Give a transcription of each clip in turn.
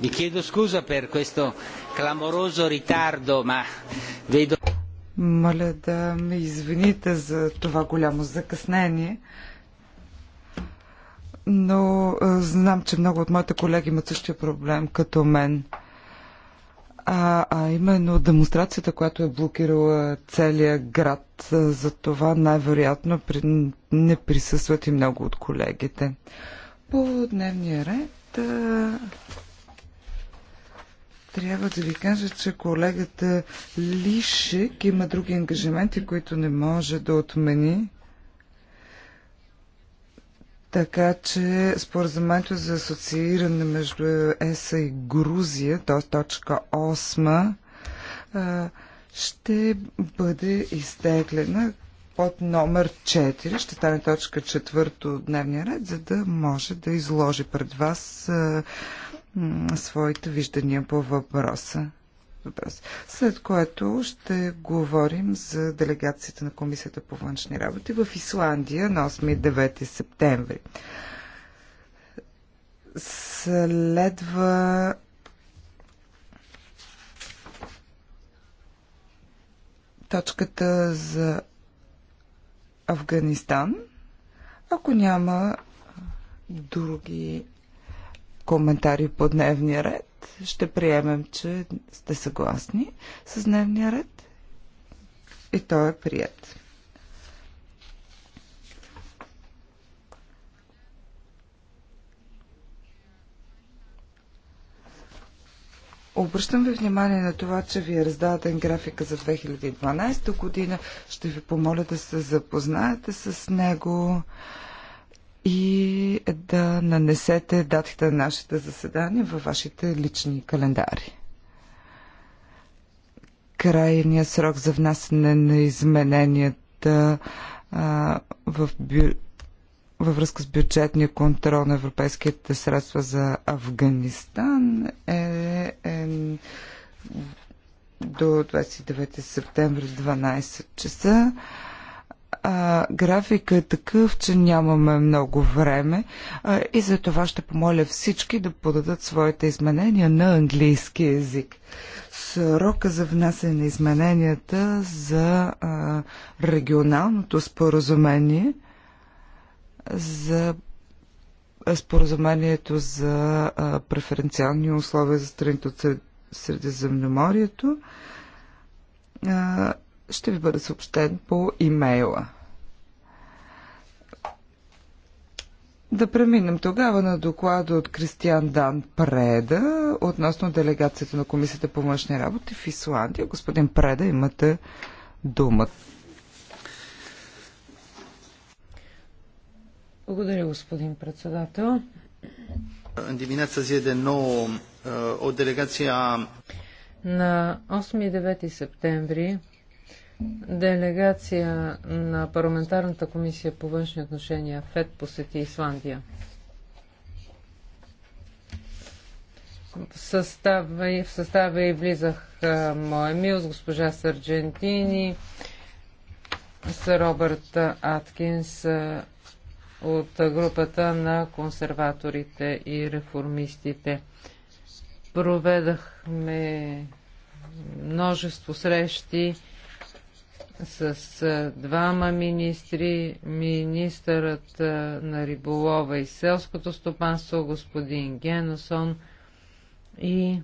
Vi eh. chiedo scusa per questo clamoroso ritardo, ma vedo... Моля да ме извините за това голямо закъснение, но е, знам, че много от моите колеги имат същия проблем като мен. А, а именно демонстрацията, която е блокирала целия град, е, за това най-вероятно не присъстват и много от колегите. По дневния ред трябва да ви кажа, че колегата Лишек има други ангажименти, които не може да отмени. Така че споразумението за асоцииране между ЕСА и Грузия, т.е. точка 8, ще бъде изтеглена, под номер 4 ще стане точка 4 от дневния ред, за да може да изложи пред вас а, своите виждания по въпроса. Въпрос. След което ще говорим за делегацията на Комисията по външни работи в Исландия на 8 и 9 септември. Следва точката за Афганистан. Ако няма други коментари по дневния ред, ще приемем, че сте съгласни с дневния ред и той е прият. Обръщам ви внимание на това, че ви е раздаден графика за 2012 година. Ще ви помоля да се запознаете с него и да нанесете датите на нашите заседания във вашите лични календари. Крайният срок за внасяне на измененията в бюро във връзка с бюджетния контрол на европейските средства за Афганистан е, е до 29 септември 12 часа. А, графика е такъв, че нямаме много време а, и за това ще помоля всички да подадат своите изменения на английски язик. Срока за внасяне на измененията за а, регионалното споразумение – за е, споразумението за е, преференциални условия за страните от Средиземноморието е, ще ви бъде съобщен по имейла. Да преминем тогава на доклада от Кристиан Дан Преда относно делегацията на Комисията по външни работи в Исландия. Господин Преда, имате думата. Благодаря, господин председател. от делегация... Uh, на 8 и 9 септември делегация на парламентарната комисия по външни отношения ФЕД посети Исландия. В състава, и в състава и влизах моя Милс, госпожа Сарджентини, с Робърт Аткинс, от групата на консерваторите и реформистите. Проведахме множество срещи с двама министри, министърът на риболова и селското стопанство, господин Геносон и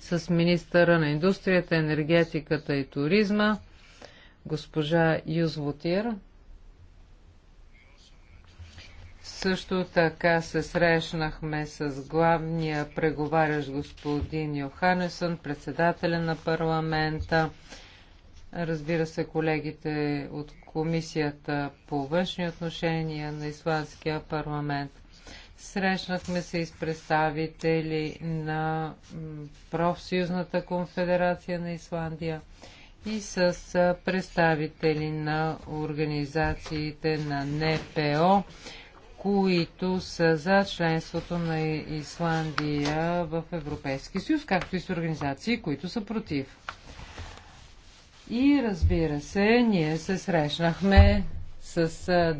с министъра на индустрията, енергетиката и туризма, госпожа Юзвотир. Също така се срещнахме с главния преговарящ господин Йоханесън, председателя на парламента. Разбира се, колегите от Комисията по външни отношения на Исландския парламент. Срещнахме се и с представители на Профсъюзната конфедерация на Исландия и с представители на организациите на НПО които са за членството на Исландия в Европейския съюз, както и с организации, които са против. И разбира се, ние се срещнахме с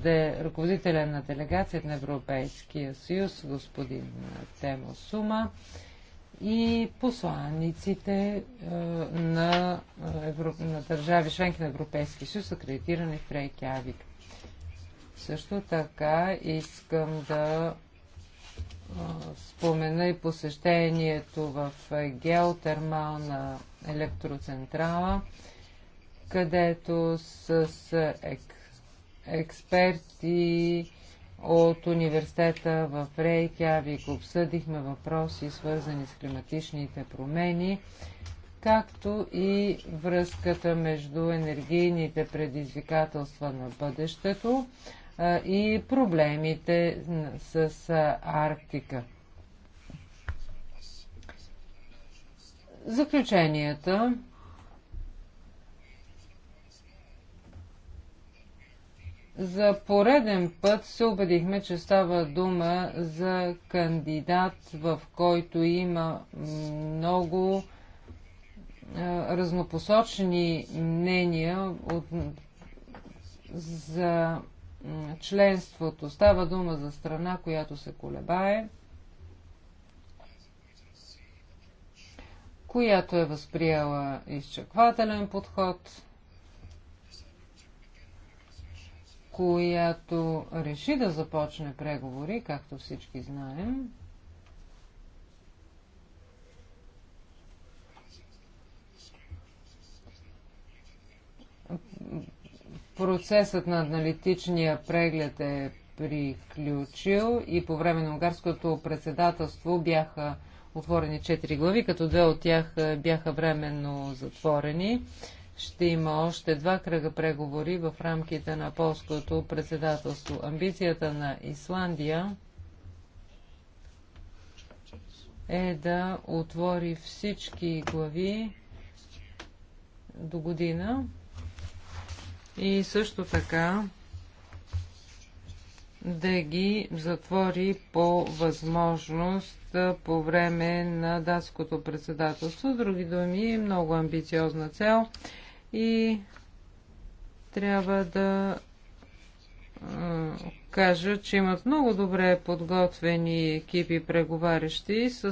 де, ръководителя на делегацията на Европейския съюз, господин Темо Сума, и посланниците е, на, на държави членки на Европейския съюз, акредитирани в Рейкявик. Също така искам да спомена и посещението в геотермална електроцентрала, където с експерти от университета в Рейкявик обсъдихме въпроси, свързани с климатичните промени, както и връзката между енергийните предизвикателства на бъдещето, и проблемите с Арктика. Заключенията За пореден път се убедихме, че става дума за кандидат, в който има много разнопосочени разнопосочни мнения от, за членството. Става дума за страна, която се колебае, която е възприела изчаквателен подход, която реши да започне преговори, както всички знаем. Процесът на аналитичния преглед е приключил и по време на унгарското председателство бяха отворени четири глави, като две от тях е, бяха временно затворени. Ще има още два кръга преговори в рамките на полското председателство. Амбицията на Исландия е да отвори всички глави до година и също така да ги затвори по възможност по време на датското председателство. С други думи, много амбициозна цел и трябва да кажа, че имат много добре подготвени екипи преговарящи с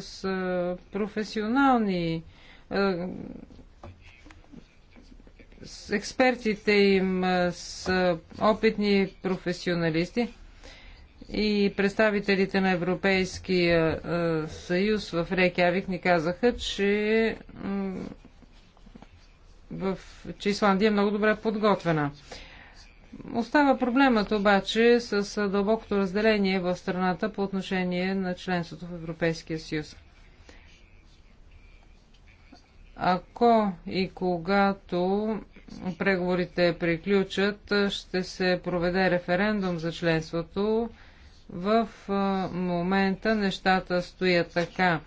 професионални Експертите им с опитни професионалисти и представителите на Европейския съюз в Рейкявик ни казаха, че, в, че Исландия е много добре подготвена. Остава проблемът обаче с дълбокото разделение в страната по отношение на членството в Европейския съюз. Ако и когато преговорите приключат, ще се проведе референдум за членството. В момента нещата стоят така.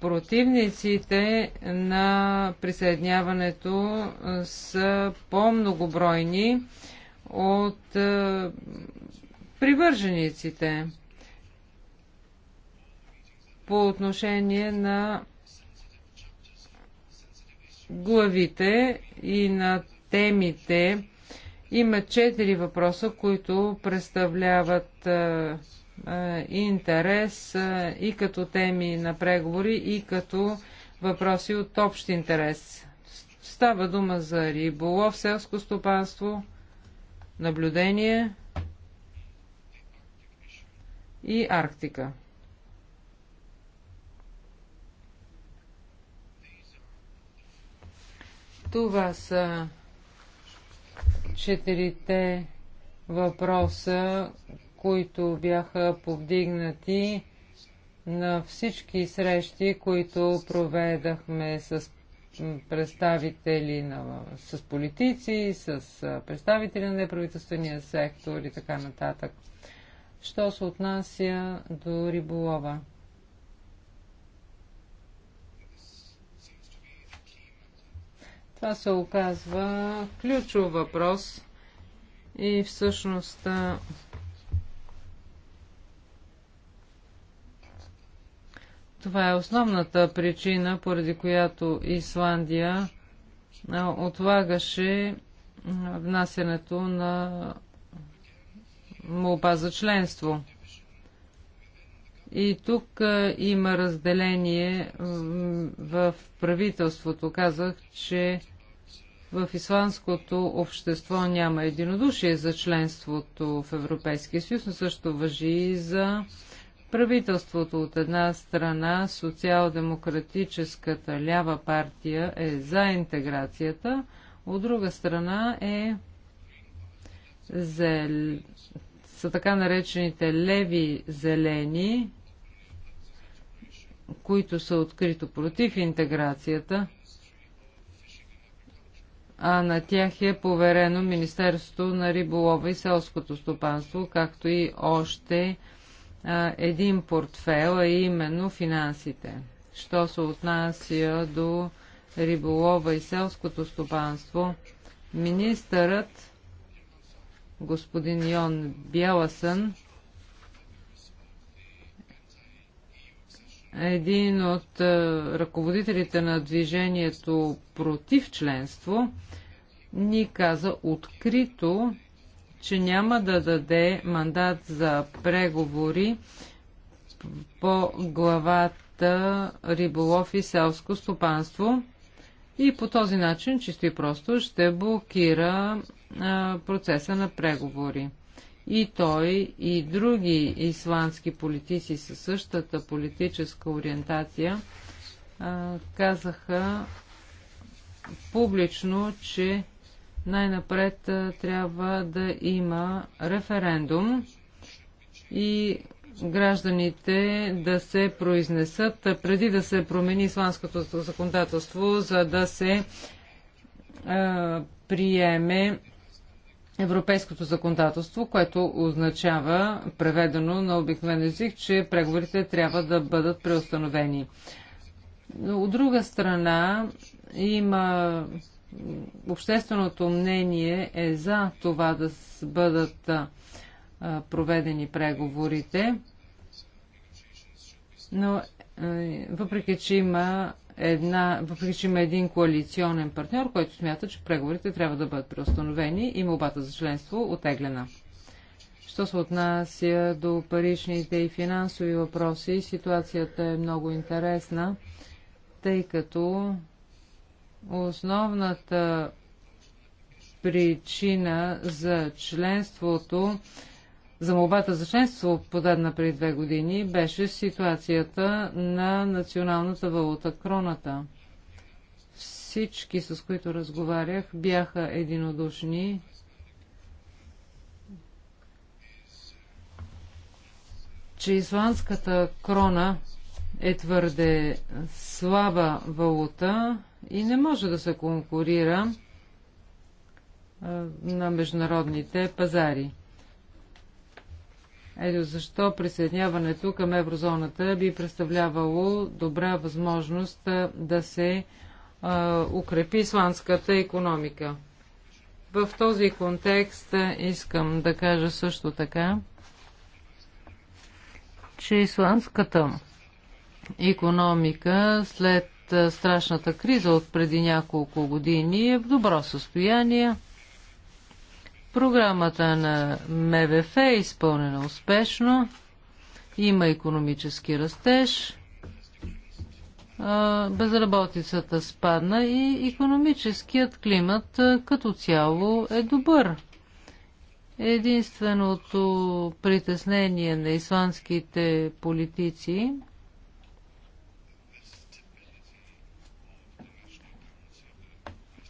Противниците на присъединяването са по-многобройни от привържениците по отношение на главите и на темите. Има четири въпроса, които представляват а, а, интерес а, и като теми на преговори, и като въпроси от общ интерес. Става дума за риболов, селско стопанство, наблюдение и Арктика. Това са четирите въпроса, които бяха повдигнати на всички срещи, които проведахме с представители на, с политици, с представители на неправителствения сектор и така нататък. Що се отнася до риболова? Това се оказва ключов въпрос и всъщност това е основната причина, поради която Исландия отлагаше внасянето на молба за членство. И тук има разделение в правителството. Казах, че в исландското общество няма единодушие за членството в Европейския съюз, но също въжи и за правителството от една страна. Социал-демократическата лява партия е за интеграцията, от друга страна е за, са така наречените леви зелени, които са открито против интеграцията, а на тях е поверено Министерството на риболова и селското стопанство, както и още а, един портфел, а именно финансите. Що се отнася до риболова и селското стопанство, министърът господин Йон Бяласън един от е, ръководителите на движението против членство ни каза открито, че няма да даде мандат за преговори по главата Риболов и селско стопанство и по този начин чисто и просто ще блокира е, процеса на преговори. И той, и други исландски политици със същата политическа ориентация казаха публично, че най-напред трябва да има референдум и гражданите да се произнесат преди да се промени исландското законодателство, за да се а, приеме европейското законодателство, което означава, преведено на обикновен език, че преговорите трябва да бъдат преустановени. От друга страна, има общественото мнение е за това да бъдат проведени преговорите, но въпреки, че има една, въпреки че има един коалиционен партньор, който смята, че преговорите трябва да бъдат преустановени и молбата за членство отеглена. Що се отнася до паричните и финансови въпроси, ситуацията е много интересна, тъй като основната причина за членството за молбата за членство, подадена преди две години, беше ситуацията на националната валута кроната. Всички, с които разговарях, бяха единодушни. че исландската крона е твърде слаба валута и не може да се конкурира на международните пазари. Ето защо присъединяването към еврозоната би представлявало добра възможност да се а, укрепи исландската економика. В този контекст искам да кажа също така, че исландската економика след страшната криза от преди няколко години е в добро състояние. Програмата на МВФ е изпълнена успешно. Има економически растеж. Безработицата спадна и економическият климат като цяло е добър. Единственото притеснение на исландските политици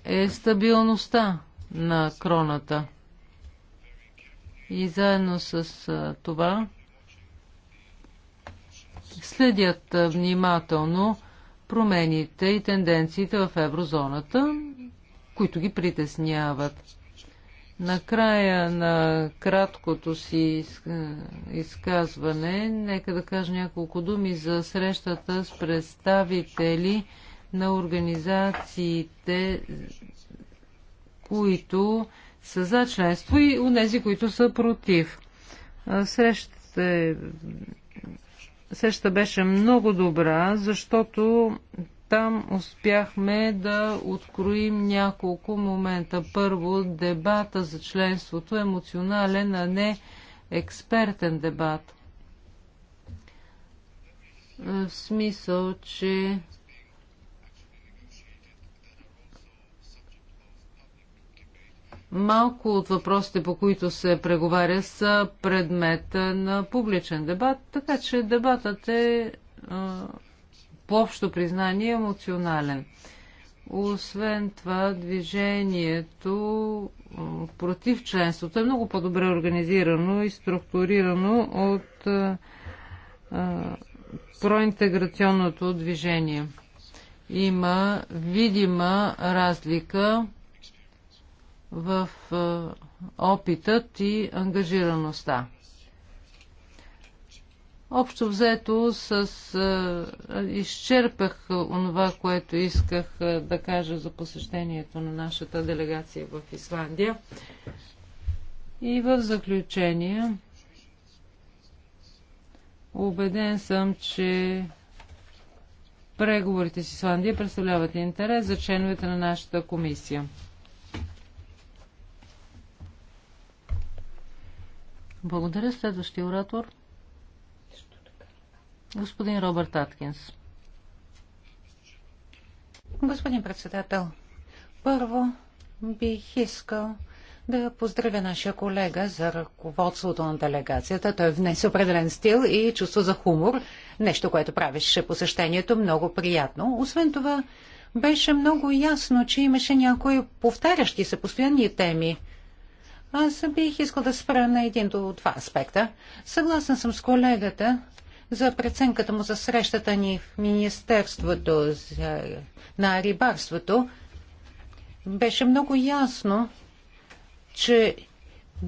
е стабилността на кроната и заедно с това следят внимателно промените и тенденциите в еврозоната, които ги притесняват. Накрая на краткото си изказване, нека да кажа няколко думи за срещата с представители на организациите, които са за членство и у нези, които са против. Срещата, е- срещата беше много добра, защото там успяхме да откроим няколко момента. Първо, дебата за членството е емоционален, а не експертен дебат. В смисъл, че Малко от въпросите, по които се преговаря, са предмет на публичен дебат, така че дебатът е по общо признание емоционален. Освен това, движението против членството е много по-добре организирано и структурирано от проинтеграционното движение. Има видима разлика в опитът и ангажираността. Общо взето с а, изчерпах онова, което исках а, да кажа за посещението на нашата делегация в Исландия. И в заключение, убеден съм, че преговорите с Исландия представляват интерес за членовете на нашата комисия. Благодаря. Следващия оратор. Господин Робърт Аткинс. Господин председател, първо бих искал да поздравя нашия колега за ръководството на делегацията. Той внесе определен стил и чувство за хумор, нещо, което правеше посещението много приятно. Освен това, беше много ясно, че имаше някои повтарящи се постоянни теми. Аз бих искал да спра на един до два аспекта. Съгласен съм с колегата за преценката му за срещата ни в Министерството на рибарството. Беше много ясно, че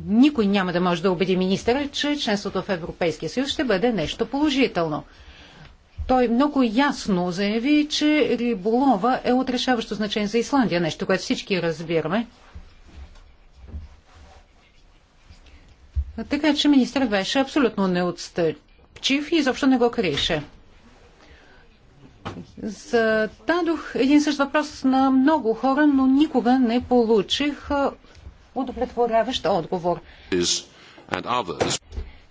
никой няма да може да убеди министъра, че членството в Европейския съюз ще бъде нещо положително. Той много ясно заяви, че риболова е отрешаващо значение за Исландия, нещо, което всички разбираме. Така че министър беше абсолютно неотстъпчив и изобщо не го криеше. Зададох един същ въпрос на много хора, но никога не получих удовлетворяващ отговор.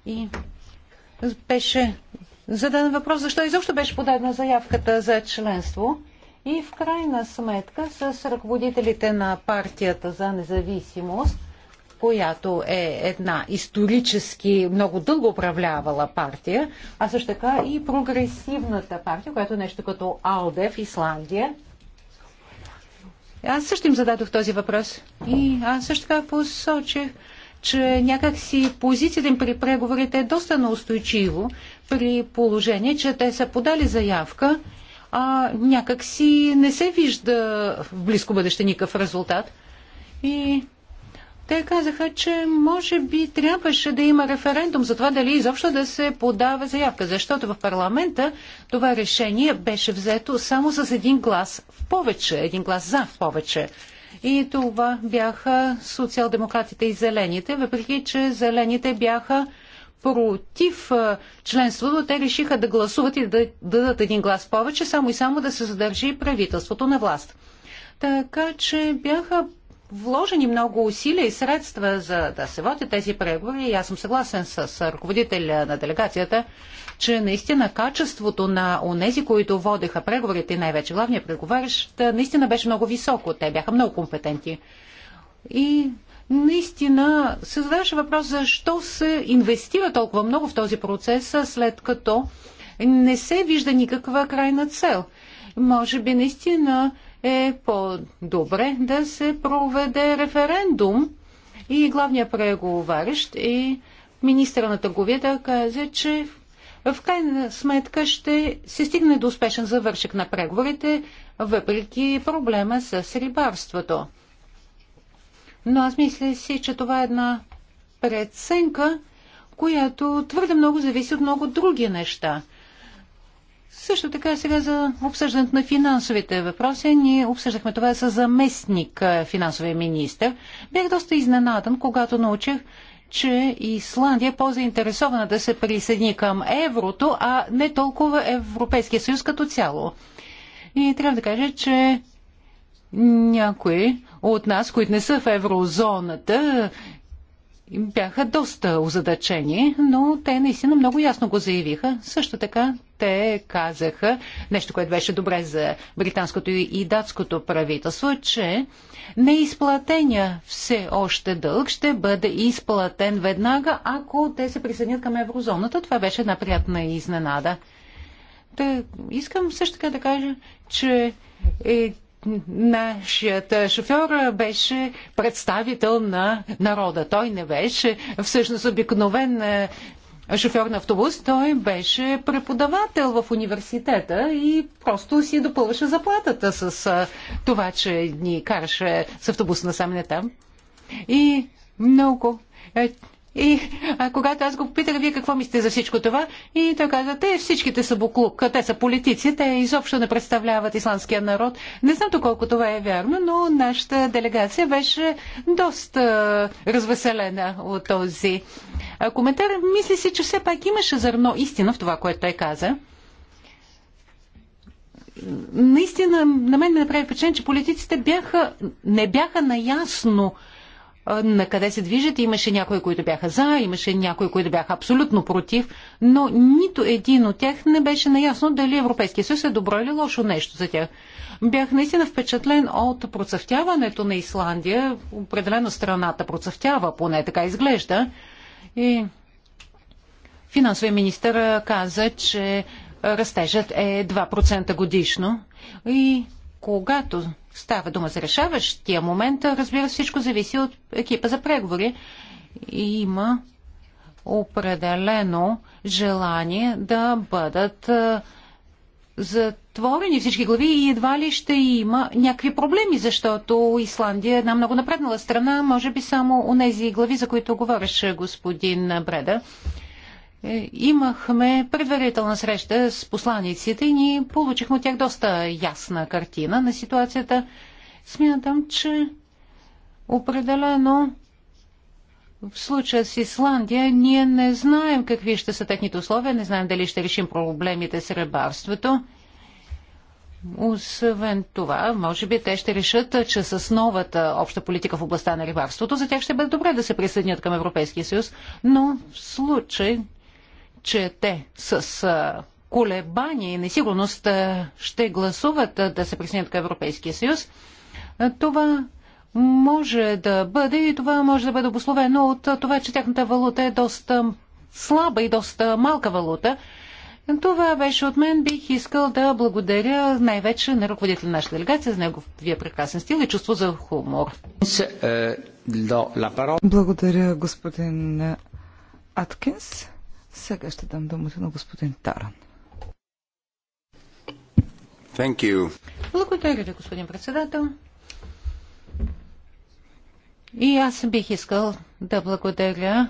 И беше зададен въпрос, защо изобщо беше подадена заявката за членство. И в крайна сметка с ръководителите на партията за независимост – която е една исторически много дълго управлявала партия, а също така и прогресивната партия, която е нещо като АЛДЕ в Исландия. Аз също им зададох този въпрос и аз също така посочих, че някакси позицията им при преговорите е доста неустойчиво при положение, че те са подали заявка, а някакси не се вижда в близко бъдеще никакъв резултат. И те казаха, че може би трябваше да има референдум за това дали изобщо да се подава заявка, защото в парламента това решение беше взето само с един глас в повече, един глас за в повече. И това бяха социал-демократите и зелените, въпреки че зелените бяха против членството, те решиха да гласуват и да дадат един глас повече, само и само да се задържи правителството на власт. Така че бяха вложени много усилия и средства за да се водят тези преговори и аз съм съгласен с ръководителя на делегацията, че наистина качеството на онези, които водеха преговорите, най-вече главния преговарящ, наистина беше много високо. Те бяха много компетентни. И наистина се задаваше въпрос защо се инвестира толкова много в този процес, след като не се вижда никаква крайна цел. Може би наистина е по-добре да се проведе референдум и главният преговарящ и министра на търговията каза, че в крайна сметка ще се стигне до успешен завършек на преговорите, въпреки проблема с рибарството. Но аз мисля си, че това е една преценка, която твърде много зависи от много други неща. Също така сега за обсъждането на финансовите въпроси. Ние обсъждахме това с заместник е, финансовия министр. Бях доста изненадан, когато научих, че Исландия е по-заинтересована да се присъедини към еврото, а не толкова Европейския съюз като цяло. И трябва да кажа, че някои от нас, които не са в еврозоната, бяха доста озадачени, но те наистина много ясно го заявиха. Също така те казаха нещо, което беше добре за британското и датското правителство, че неизплатения все още дълг ще бъде изплатен веднага, ако те се присъединят към еврозоната. Това беше една приятна изненада. Та, искам също така да кажа, че е, нашият шофьор беше представител на народа. Той не беше всъщност обикновен е, шофьор на автобус. Той беше преподавател в университета и просто си допълваше заплатата с е, това, че ни караше с автобус насам не там. И много е, и а, когато аз го попитах, вие какво мислите за всичко това? И той каза, те всичките са буклук, те са политици, те изобщо не представляват исландския народ. Не знам доколко това е вярно, но нашата делегация беше доста развеселена от този коментар. Мисли си, че все пак имаше зърно истина в това, което той каза. Наистина, на мен ме направи впечатление, че политиците бяха, не бяха наясно на къде се движат. Имаше някои, които бяха за, имаше някои, които бяха абсолютно против, но нито един от тях не беше наясно дали Европейския съюз е добро или лошо нещо за тях. Бях наистина впечатлен от процъфтяването на Исландия. Определено страната процъфтява, поне така изглежда. И финансовия министър каза, че растежът е 2% годишно. И когато става дума за решаващия момент, разбира се, всичко зависи от екипа за преговори. И има определено желание да бъдат затворени всички глави и едва ли ще има някакви проблеми, защото Исландия е една много напреднала страна, може би само у нези глави, за които говореше господин Бреда. Е, имахме предварителна среща с посланиците и ние получихме от тях доста ясна картина на ситуацията. Смятам, че определено в случая с Исландия ние не знаем какви ще са техните условия, не знаем дали ще решим проблемите с рибарството. Освен това, може би те ще решат, че с новата обща политика в областта на рибарството за тях ще бъде добре да се присъединят към Европейския съюз, но в случай че те с колебание и несигурност ще гласуват да се присъединят към Европейския съюз, това може да бъде и това може да бъде обословено от това, че тяхната валута е доста слаба и доста малка валута. Това беше от мен. Бих искал да благодаря най-вече на ръководител на нашата делегация за неговия прекрасен стил и чувство за хумор. Е, благодаря, господин Аткинс. Сега ще дам думата на господин Таран. Thank you. Благодаря ви, господин председател. И аз бих искал да благодаря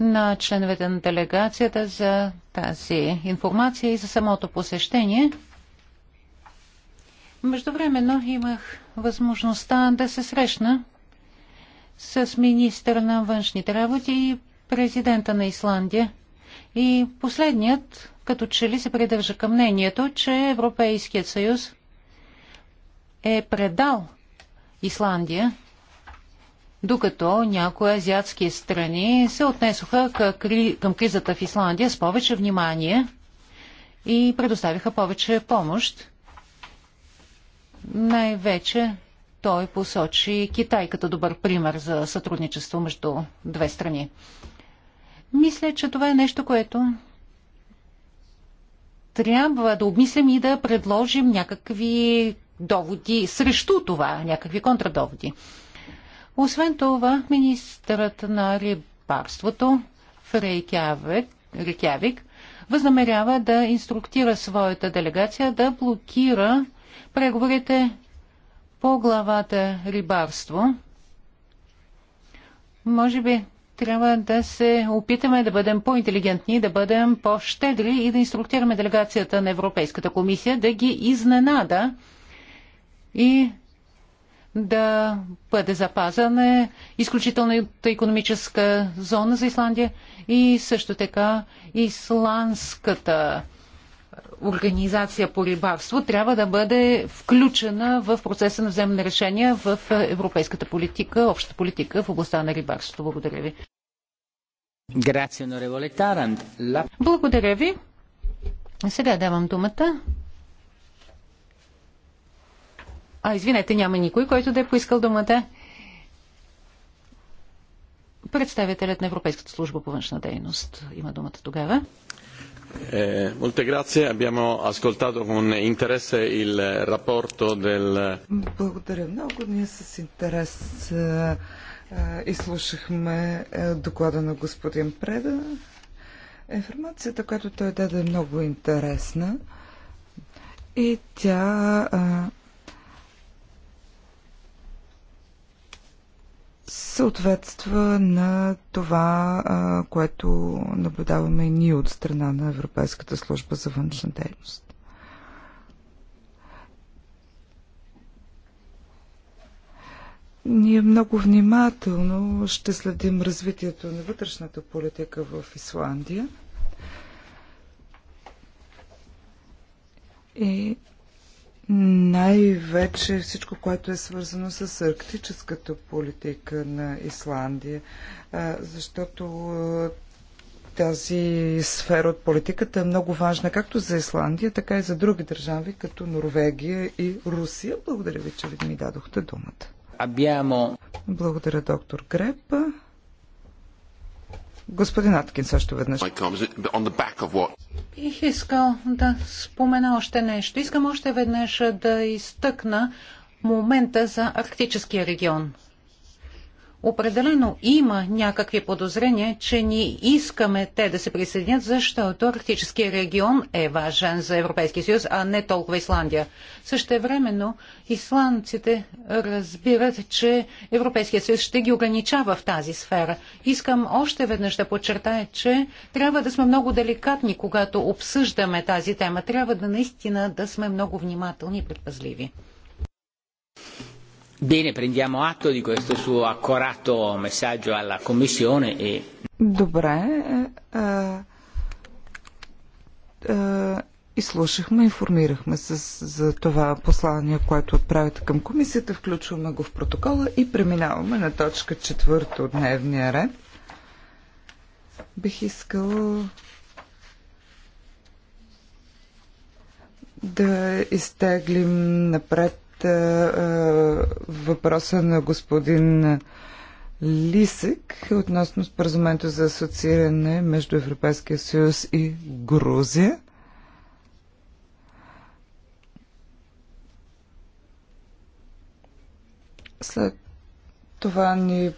на членовете на делегацията за тази информация и за самото посещение. Междувременно имах възможността да се срещна с министър на външните работи и президента на Исландия. И последният, като че ли се придържа към мнението, че Европейският съюз е предал Исландия, докато някои азиатски страни се отнесоха към кризата в Исландия с повече внимание и предоставиха повече помощ. Най-вече той посочи Китай като добър пример за сътрудничество между две страни. Мисля, че това е нещо, което трябва да обмислим и да предложим някакви доводи срещу това, някакви контрадоводи. Освен това, министърът на рибарството в Рейкявик, Рейкявик възнамерява да инструктира своята делегация да блокира преговорите по главата рибарство. Може би трябва да се опитаме да бъдем по-интелигентни, да бъдем по-щедри и да инструктираме делегацията на Европейската комисия да ги изненада и да бъде запазена изключителната економическа зона за Исландия и също така исландската организация по рибарство трябва да бъде включена в процеса на вземане решения в е, европейската политика, общата политика в областта на рибарството. Благодаря ви. Благодаря ви. Сега давам думата. А, извинете, няма никой, който да е поискал думата. Представителят на Европейската служба по външна дейност има думата тогава. Eh, Благодаря много. Ние с интерес е, е, изслушахме е, доклада на господин Преда. Информацията, която той даде е много интересна и тя съответства на това, което наблюдаваме и ние от страна на Европейската служба за външна дейност. Ние много внимателно ще следим развитието на вътрешната политика в Исландия. И най-вече всичко, което е свързано с арктическата политика на Исландия, защото тази сфера от политиката е много важна както за Исландия, така и за други държави, като Норвегия и Русия. Благодаря ви, че ви ми дадохте думата. Абиямо. Благодаря, доктор Грепа. Господин Аткин също веднъж. Бих искал да спомена още нещо. Искам още веднъж да изтъкна момента за арктическия регион. Определено има някакви подозрения, че ни искаме те да се присъединят, защото Арктическия регион е важен за Европейския съюз, а не толкова Исландия. времено исландците разбират, че Европейския съюз ще ги ограничава в тази сфера. Искам още веднъж да подчертая, че трябва да сме много деликатни, когато обсъждаме тази тема. Трябва да наистина да сме много внимателни и предпазливи. Bene, prendiamo atto di questo suo accorato messaggio alla Commissione e... Добре. Е, е, е, изслушахме, информирахме се за това послание, което отправите към комисията, включваме го в протокола и преминаваме на точка четвърта от дневния ред. Бих искал да изтеглим напред е, въпроса на господин Лисик относно споразумението за асоцииране между Европейския съюз и Грузия. След това ни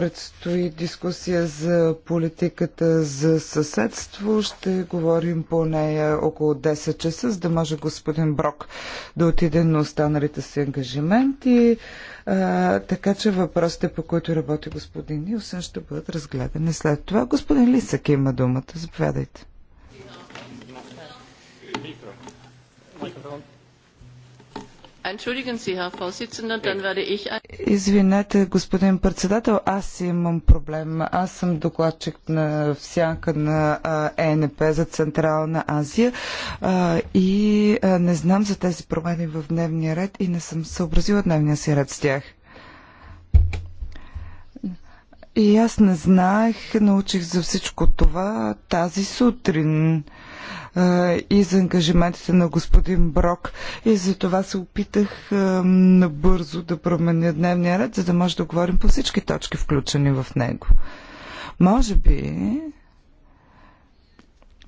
Предстои дискусия за политиката за съседство. Ще говорим по нея около 10 часа, за да може господин Брок да отиде на останалите си ангажименти. А, така че въпросите, по които работи господин Нилсен ще бъдат разгледани след това. Господин Лисък има думата. Заповядайте. Микрофон. Е, извинете, господин председател, аз имам проблем. Аз съм докладчик на всяка на ЕНП за Централна Азия и не знам за тези промени в дневния ред и не съм съобразила дневния си ред с тях. И аз не знаех, научих за всичко това тази сутрин и за ангажиментите на господин Брок. И за това се опитах набързо да променя дневния ред, за да може да говорим по всички точки, включени в него. Може би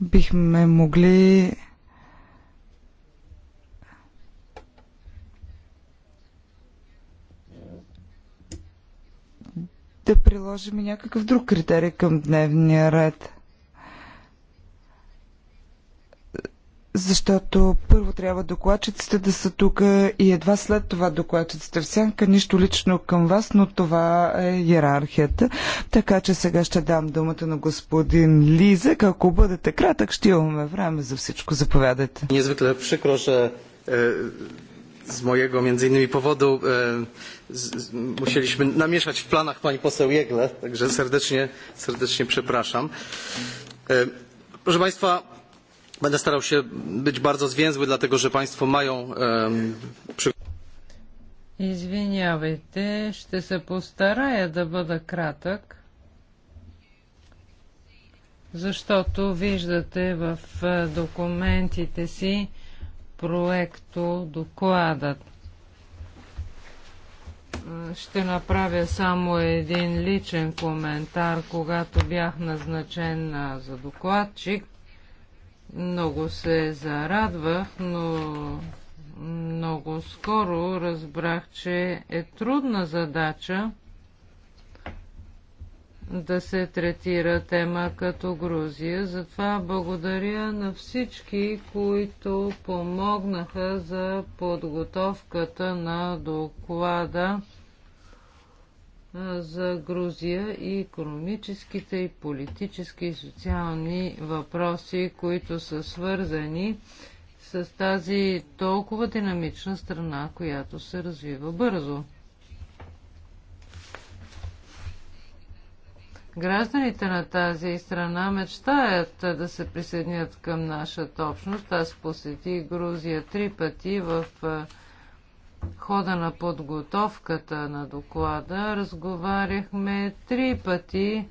бихме могли да приложим и някакъв друг критерий към дневния ред. Защото първо трябва докладчиците да са тук и едва след това докладчиците в сянка. Нищо лично към вас, но това е иерархията. Така че сега ще дам думата на господин Лизък. Ако бъдете кратък, ще имаме време за всичко. Заповядайте. Niezwykle przykro, że z mojego między innymi powodu е, musieliśmy namieszać w planach pani poseł Jegle, także serdecznie, serdecznie przepraszam. E, proszę Państwa, Będę starał się być bardzo zwięzły, dlatego że Państwo mają. Извинявайте, ще се постарая да бъда кратък, защото виждате в е, документите си проекто докладът. Ще направя само един личен коментар. Когато бях назначен за докладчик, много се зарадвах, но много скоро разбрах, че е трудна задача да се третира тема като Грузия. Затова благодаря на всички, които помогнаха за подготовката на доклада за Грузия и економическите, и политически, и социални въпроси, които са свързани с тази толкова динамична страна, която се развива бързо. Гражданите на тази страна мечтаят да се присъединят към нашата общност. Аз посетих Грузия три пъти в хода на подготовката на доклада разговаряхме три пъти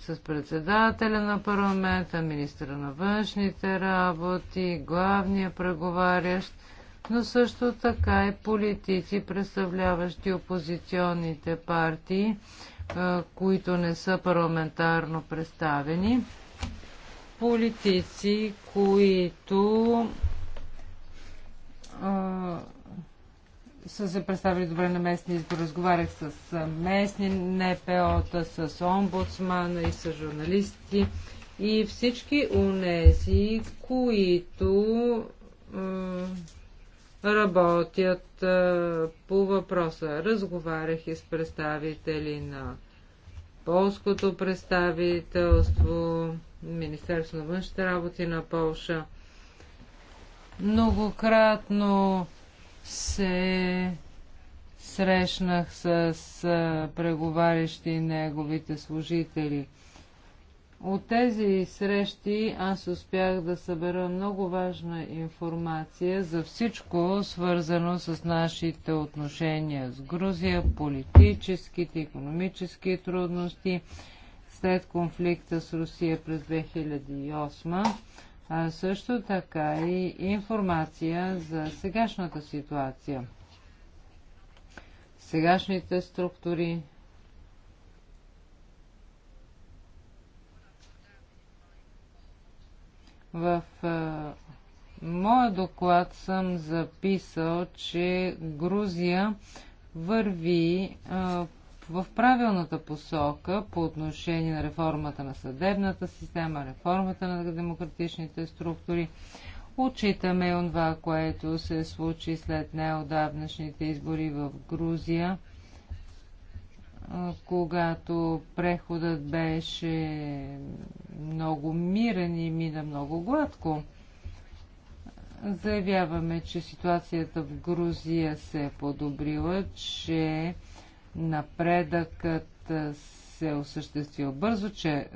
с председателя на парламента, министра на външните работи, главния преговарящ, но също така и политици, представляващи опозиционните партии, които не са парламентарно представени. Политици, които са се представили добре на местни избори. Разговарях с местни НПО-та, с омбудсмана и с журналисти и всички унези, които работят по въпроса. Разговарях и с представители на полското представителство, Министерство на външните работи на Полша. Многократно се срещнах с преговарящи неговите служители. От тези срещи аз успях да събера много важна информация за всичко свързано с нашите отношения с Грузия, политическите, економически трудности след конфликта с Русия през 2008 а също така и информация за сегашната ситуация, сегашните структури, В моя доклад съм записал, че Грузия върви в правилната посока по отношение на реформата на съдебната система, реформата на демократичните структури. Отчитаме това, което се случи след неодавнашните избори в Грузия, когато преходът беше много мирен и мина много гладко. Заявяваме, че ситуацията в Грузия се е подобрила, че напредъкът се е осъществил бързо, че е,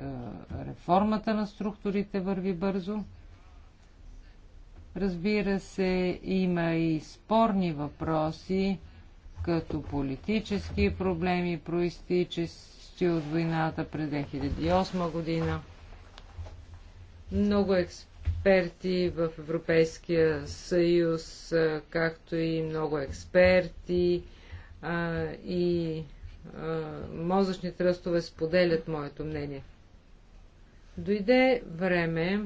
реформата на структурите върви бързо. Разбира се, има и спорни въпроси, като политически проблеми, проистичащи от войната през 2008 година. Много експерти в Европейския съюз, е, както и много експерти, а, и а, мозъчни тръстове споделят моето мнение. Дойде време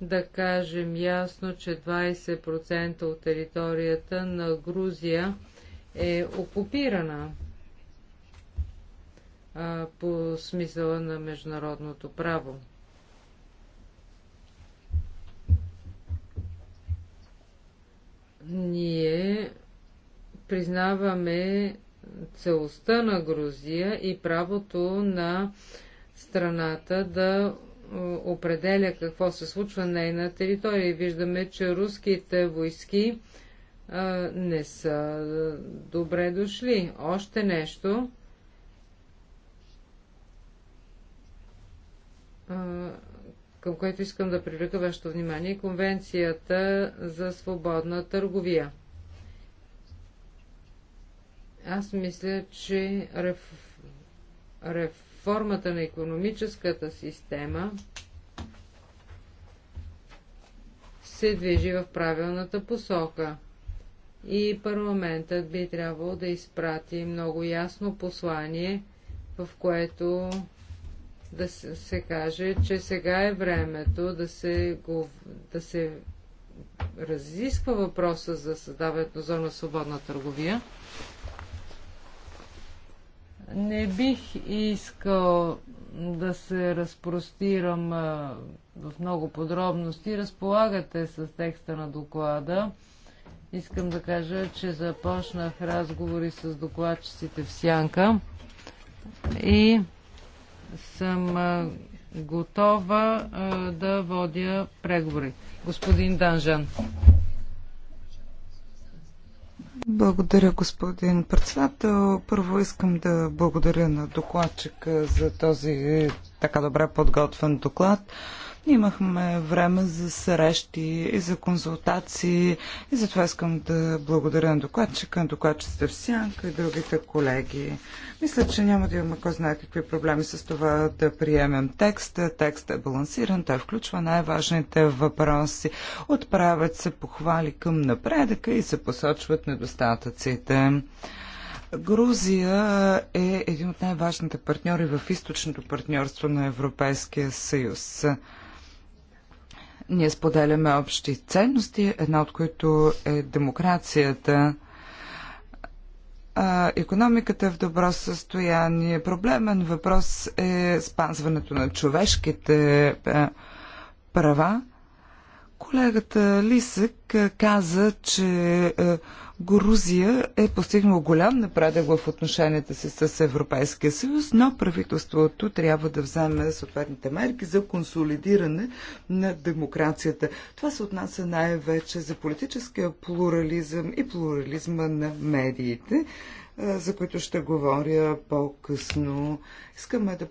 да кажем ясно, че 20% от територията на Грузия е окупирана а, по смисъла на международното право. Ние признаваме целостта на Грузия и правото на страната да е, определя какво се случва на нейна територия. Виждаме, че руските войски е, не са добре дошли. Още нещо. Е, към което искам да привлека вашето внимание, Конвенцията за свободна търговия. Аз мисля, че реф... реформата на економическата система се движи в правилната посока. И парламентът би трябвало да изпрати много ясно послание, в което да се, каже, че сега е времето да се, го, да се разисква въпроса за създаването на зона свободна търговия. Не бих искал да се разпростирам в много подробности. Разполагате с текста на доклада. Искам да кажа, че започнах разговори с докладчиците в Сянка и съм готова да водя преговори. Господин Данжан. Благодаря, господин председател. Първо искам да благодаря на докладчика за този така добре подготвен доклад. Имахме време за срещи и за консултации и затова искам да благодаря на докладчика, на докладчета в Сянка и другите колеги. Мисля, че няма да имаме кой знае какви проблеми с това да приемем текста. Текстът е балансиран, той включва най-важните въпроси. Отправят се похвали към напредъка и се посочват недостатъците. Грузия е един от най-важните партньори в източното партньорство на Европейския съюз. Ние споделяме общи ценности, една от които е демокрацията. А, економиката е в добро състояние. Проблемен въпрос е спазването на човешките права. Колегата Лисък каза, че Грузия е постигнала голям напредък в отношенията си с Европейския съюз, но правителството трябва да вземе съответните мерки за консолидиране на демокрацията. Това се отнася най-вече за политическия плурализъм и плурализма на медиите, за които ще говоря по-късно. Искаме да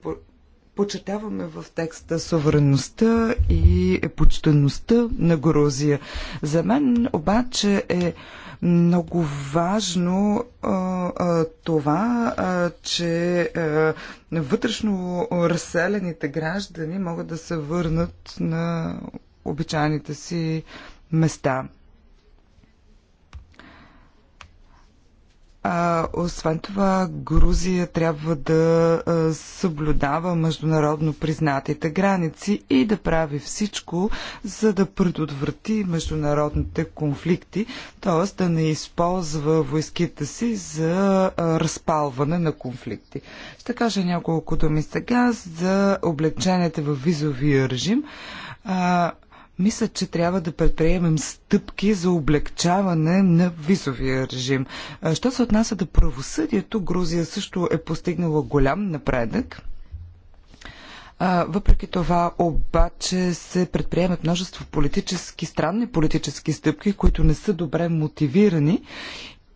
почетаваме в текста суверенността и почтеността на Грузия. За мен обаче е много важно а, а, това, а, че а, вътрешно разселените граждани могат да се върнат на обичайните си места. А, освен това, Грузия трябва да а, съблюдава международно признатите граници и да прави всичко, за да предотврати международните конфликти, т.е. да не използва войските си за а, разпалване на конфликти. Ще кажа няколко думи сега за облегченията в визовия режим. А, мисля, че трябва да предприемем стъпки за облегчаване на визовия режим. Що се отнася до правосъдието, Грузия също е постигнала голям напредък. Въпреки това обаче се предприемат множество политически, странни политически стъпки, които не са добре мотивирани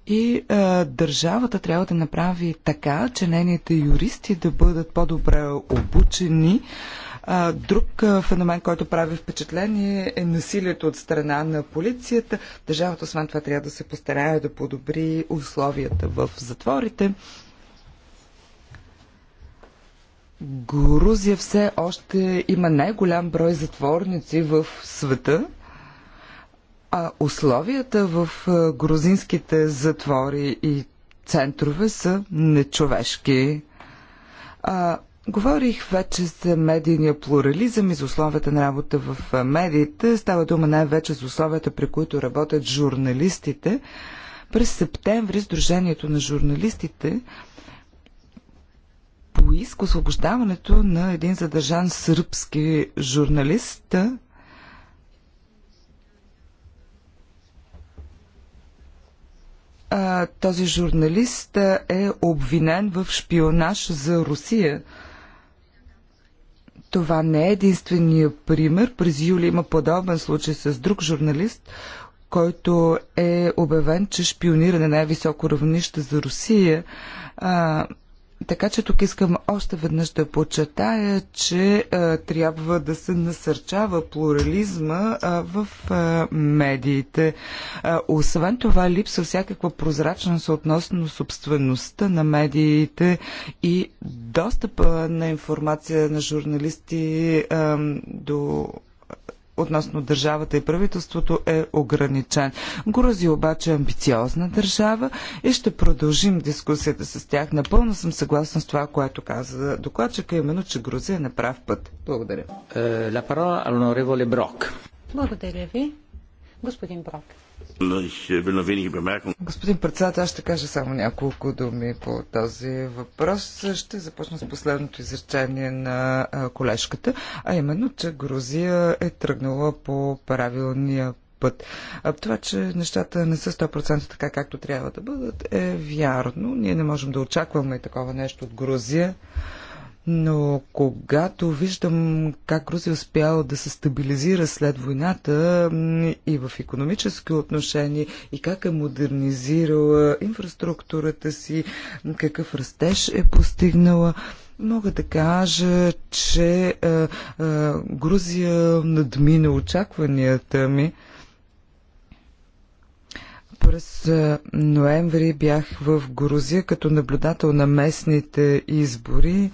и а, държавата трябва да направи така, че нейните юристи да бъдат по-добре обучени, Друг феномен, който прави впечатление е насилието от страна на полицията. Държавата, освен това, трябва да се постарае да подобри условията в затворите. Грузия все още има най-голям брой затворници в света. А условията в грузинските затвори и центрове са нечовешки. А, Говорих вече за медийния плурализъм и за условията на работа в медиите. Става дума най-вече за условията, при които работят журналистите. През септември Сдружението на журналистите поиска освобождаването на един задържан сръбски журналист. този журналист е обвинен в шпионаж за Русия. Това не е единствения пример. През юли има подобен случай с друг журналист, който е обявен, че шпионира на най-високо равнище за Русия а, така че тук искам още веднъж да почетая, че а, трябва да се насърчава плурализма а, в а, медиите. А, освен това, липсва всякаква прозрачност относно собствеността на медиите и достъпа на информация на журналисти а, до относно държавата и правителството е ограничен. Грузия обаче е амбициозна държава и ще продължим дискусията с тях. Напълно съм съгласна с това, което каза докладчика, именно, че Грузия е на прав път. Благодаря. Е, Брок. Благодаря ви. Господин Брок. Господин председател, аз ще кажа само няколко думи по този въпрос. Ще започна с последното изречение на колежката, а именно, че Грузия е тръгнала по правилния път. А това, че нещата не са 100% така, както трябва да бъдат, е вярно. Ние не можем да очакваме такова нещо от Грузия. Но когато виждам как Русия е успяла да се стабилизира след войната и в економически отношения, и как е модернизирала инфраструктурата си, какъв растеж е постигнала, Мога да кажа, че а, а, Грузия надмина очакванията ми. През ноември бях в Грузия като наблюдател на местните избори. А,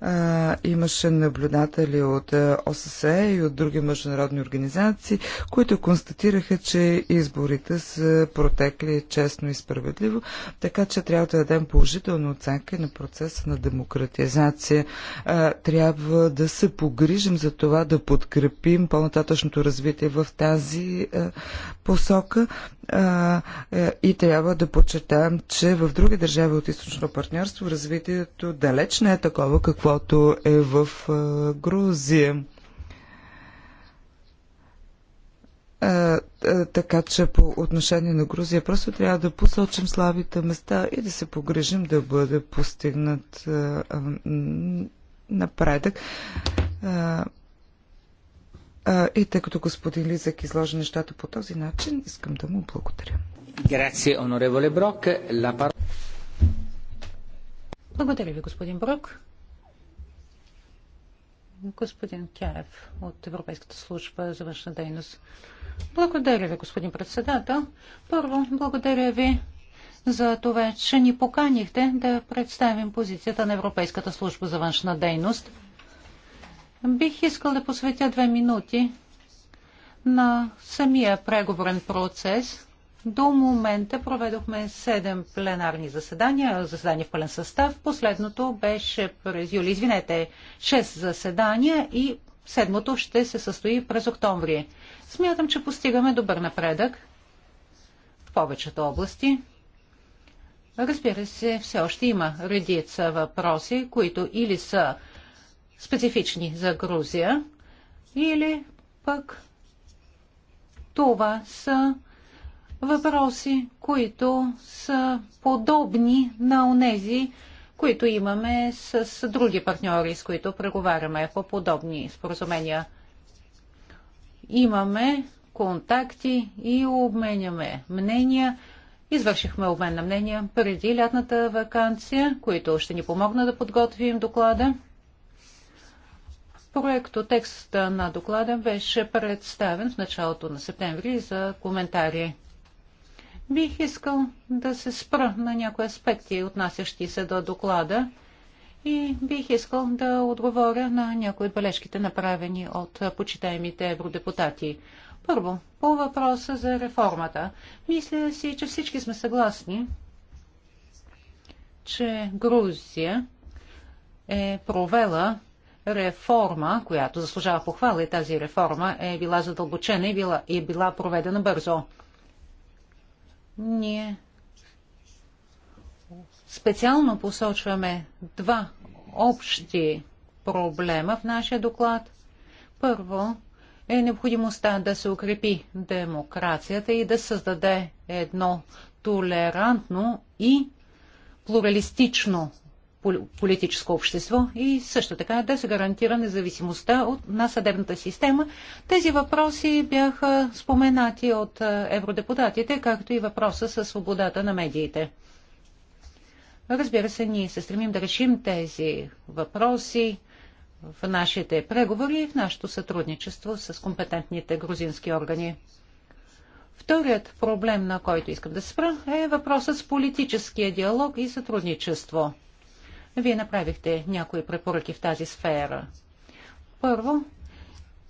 а, имаше наблюдатели от ОССЕ и от други международни организации, които констатираха, че изборите са протекли честно и справедливо, така че трябва да дадем положителна оценка и на процеса на демократизация. А, трябва да се погрижим за това да подкрепим по-нататъчното развитие в тази а, посока. Е, и трябва да подчертаем, че в други държави от източно партньорство развитието далеч не е такова, каквото е в Грузия. така че по отношение на Грузия просто трябва да посочим слабите места и да се погрежим да бъде постигнат напредък. И тъй като господин Лизък изложи нещата по този начин, искам да му благодаря. Благодаря ви, господин Брок. Господин Кяев от Европейската служба за външна дейност. Благодаря ви, господин председател. Първо, благодаря ви за това, че ни поканихте да представим позицията на Европейската служба за външна дейност. Бих искал да посветя две минути на самия преговорен процес. До момента проведохме седем пленарни заседания, заседания в пълен състав. Последното беше през юли, извинете, шест заседания и седмото ще се състои през октомври. Смятам, че постигаме добър напредък в повечето области. Разбира се, все още има редица въпроси, които или са специфични за Грузия, или пък това са въпроси, които са подобни на онези, които имаме с други партньори, с които преговаряме по подобни споразумения. Имаме контакти и обменяме мнения. Извършихме обмен на мнения преди лятната вакансия, които ще ни помогна да подготвим доклада. Проекто текста на доклада беше представен в началото на септември за коментари. Бих искал да се спра на някои аспекти, отнасящи се до доклада и бих искал да отговоря на някои от бележките, направени от почитаемите евродепутати. Първо, по въпроса за реформата. Мисля си, че всички сме съгласни, че Грузия е провела реформа, която заслужава похвала и тази реформа е била задълбочена и била, и била проведена бързо. Ние специално посочваме два общи проблема в нашия доклад. Първо е необходимостта да се укрепи демокрацията и да създаде едно толерантно и плуралистично политическо общество и също така да се гарантира независимостта от, на съдебната система. Тези въпроси бяха споменати от е, евродепутатите, както и въпроса със свободата на медиите. Разбира се, ние се стремим да решим тези въпроси в нашите преговори и в нашето сътрудничество с компетентните грузински органи. Вторият проблем, на който искам да спра, е въпросът с политическия диалог и сътрудничество. Вие направихте някои препоръки в тази сфера. Първо,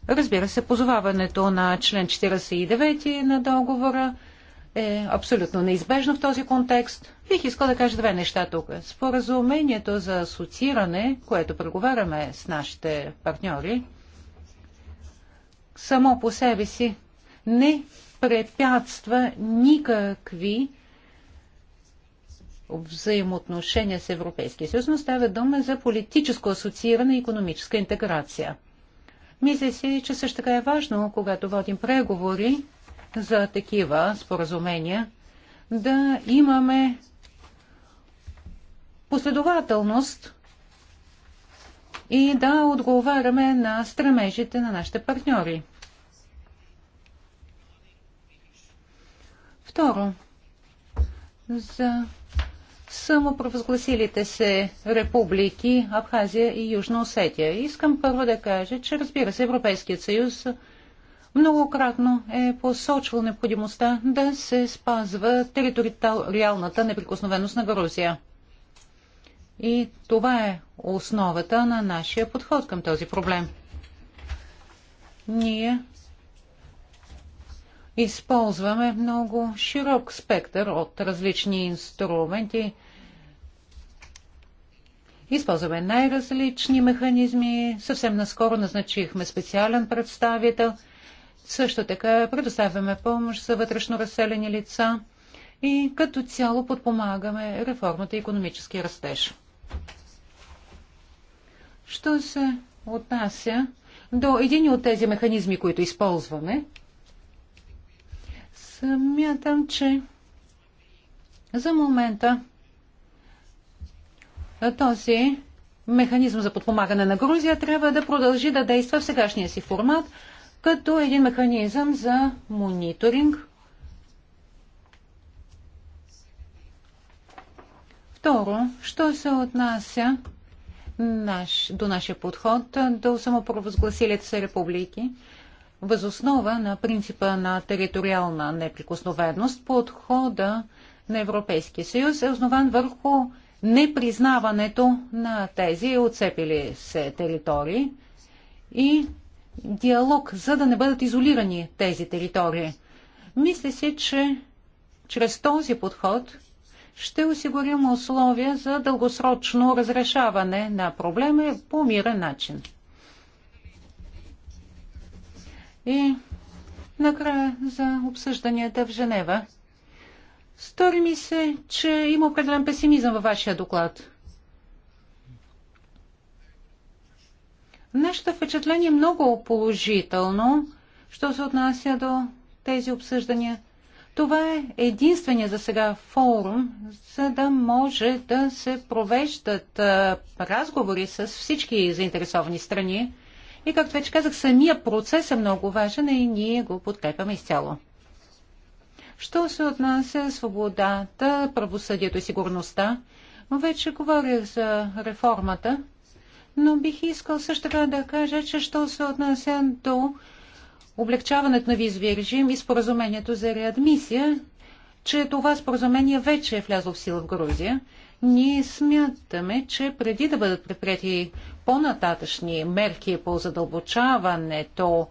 разбира се, позоваването на член 49 на договора е абсолютно неизбежно в този контекст. Бих искал да кажа две неща тук. Споразумението за асоцииране, което преговаряме с нашите партньори, само по себе си не препятства никакви взаимоотношения с Европейския съюз, но става дума за политическо асоцииране и економическа интеграция. Мисля си, че също така е важно, когато водим преговори за такива споразумения, да имаме последователност и да отговаряме на стремежите на нашите партньори. Второ, за самопровъзгласилите се републики Абхазия и Южна Осетия. Искам първо да кажа, че разбира се, Европейският съюз многократно е посочвал необходимостта да се спазва териториалната неприкосновеност на Грузия. И това е основата на нашия подход към този проблем. Ние използваме много широк спектър от различни инструменти. Използваме най-различни механизми. Съвсем наскоро назначихме специален представител. Също така предоставяме помощ за вътрешно разселени лица и като цяло подпомагаме реформата и економически растеж. Що се отнася до един от тези механизми, които използваме, Смятам, че за момента този механизъм за подпомагане на Грузия трябва да продължи да действа в сегашния си формат като един механизъм за мониторинг. Второ, що се отнася наш, до нашия подход до самопровъзгласилите се републики, Възоснова на принципа на териториална неприкосновеност подхода на Европейския съюз е основан върху непризнаването на тези отцепили се територии и диалог, за да не бъдат изолирани тези територии. Мисля си, че чрез този подход ще осигурим условия за дългосрочно разрешаване на проблеми по мирен начин. и накрая за обсъжданията в Женева. Стори ми се, че има определен песимизъм във вашия доклад. Нашето впечатление е много положително, що се отнася до тези обсъждания. Това е единствения за сега форум, за да може да се провеждат разговори с всички заинтересовани страни. И както вече казах, самия процес е много важен и ние го подкрепяме изцяло. Що се отнася свободата, правосъдието и сигурността, вече говорих за реформата, но бих искал също така да кажа, че що се отнася до облегчаването на визови режим и споразумението за реадмисия, че това споразумение вече е влязло в сила в Грузия. Ние смятаме, че преди да бъдат предприяти по-нататъчни мерки по задълбочаването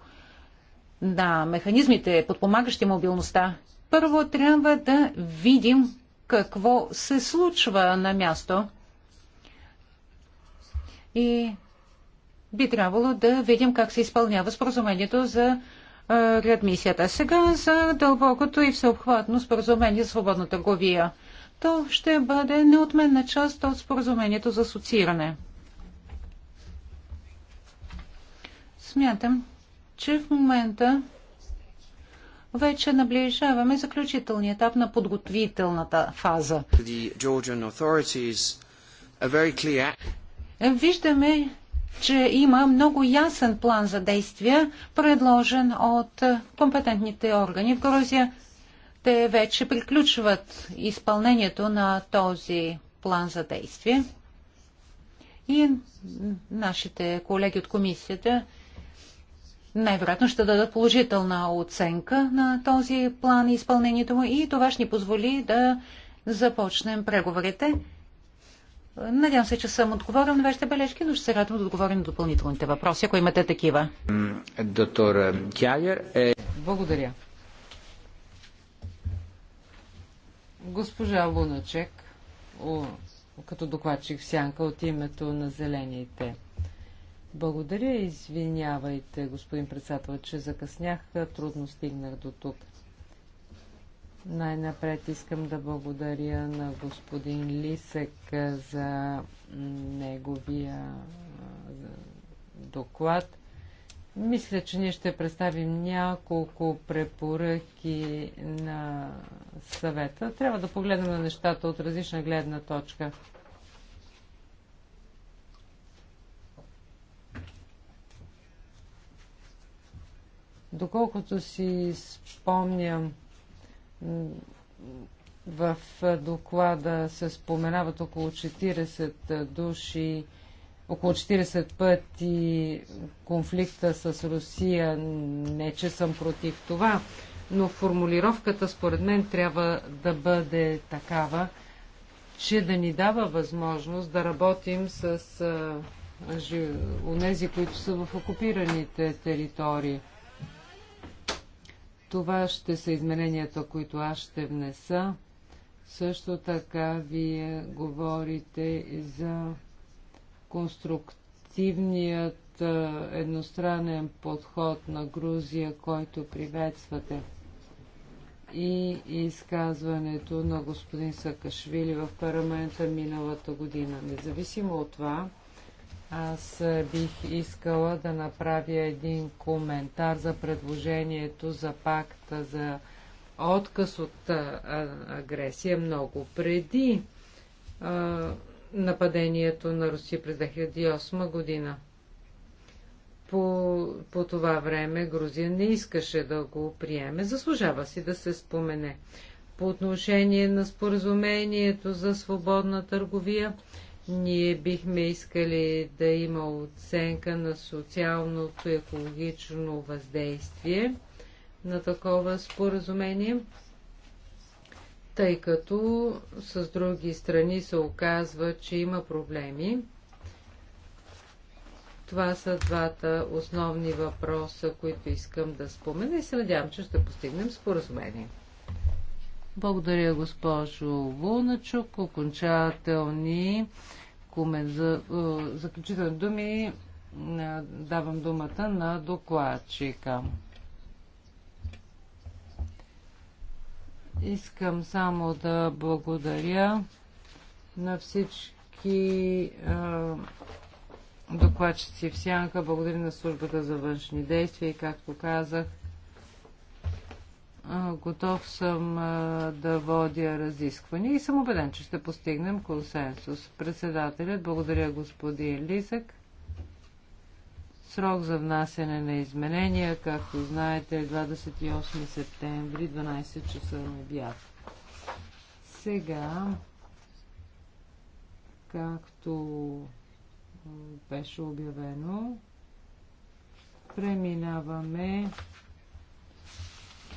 на механизмите, подпомагащи мобилността, първо трябва да видим какво се случва на място. И би трябвало да видим как се изпълнява споразумението за е, реадмисията. Сега за дълбокото и всеобхватно споразумение за свободна търговия то ще бъде неотменна част от споразумението за асоцииране. Смятам, че в момента вече наближаваме заключителния етап на подготвителната фаза. Виждаме, че има много ясен план за действия, предложен от компетентните органи в Грузия те вече приключват изпълнението на този план за действие. И нашите колеги от комисията най-вероятно ще дадат положителна оценка на този план и изпълнението му и това ще ни позволи да започнем преговорите. Надявам се, че съм отговорил на вашите бележки, но ще се радвам да отговорим на допълнителните въпроси, ако имате такива. Доктор Кялер е... Благодаря. Госпожа Луначек, като докладчик сянка от името на зелените. Благодаря, извинявайте, господин председател, че закъснях, трудно стигнах до тук. Най-напред искам да благодаря на господин Лисек за неговия доклад. Мисля, че ние ще представим няколко препоръки на съвета. Трябва да погледнем на нещата от различна гледна точка. Доколкото си спомням, в доклада се споменават около 40 души, около 40 пъти конфликта с Русия. Не, че съм против това, но формулировката според мен трябва да бъде такава, че да ни дава възможност да работим с онези, които са в окупираните територии. Това ще са измененията, които аз ще внеса. Също така вие говорите за конструктивният едностранен подход на Грузия, който приветствате и изказването на господин Сакашвили в парламента миналата година. Независимо от това, аз бих искала да направя един коментар за предложението за пакта за отказ от агресия много преди нападението на Русия през 2008 година. По, по това време Грузия не искаше да го приеме. Заслужава си да се спомене. По отношение на споразумението за свободна търговия, ние бихме искали да има оценка на социалното и екологично въздействие на такова споразумение тъй като с други страни се оказва, че има проблеми. Това са двата основни въпроса, които искам да спомена и се надявам, че ще постигнем споразумение. Благодаря, госпожо Луначук. Окончателни комен... за, е, заключителни думи давам думата на докладчика. Искам само да благодаря на всички а, докладчици в Сянка. Благодаря на службата за външни действия и както казах, а, готов съм а, да водя разисквания и съм убеден, че ще постигнем консенсус. Председателят, благодаря господин Лисък. Срок за внасене на изменения, както знаете, е 28 септември, 12 часа на обяд. Сега, както беше обявено, преминаваме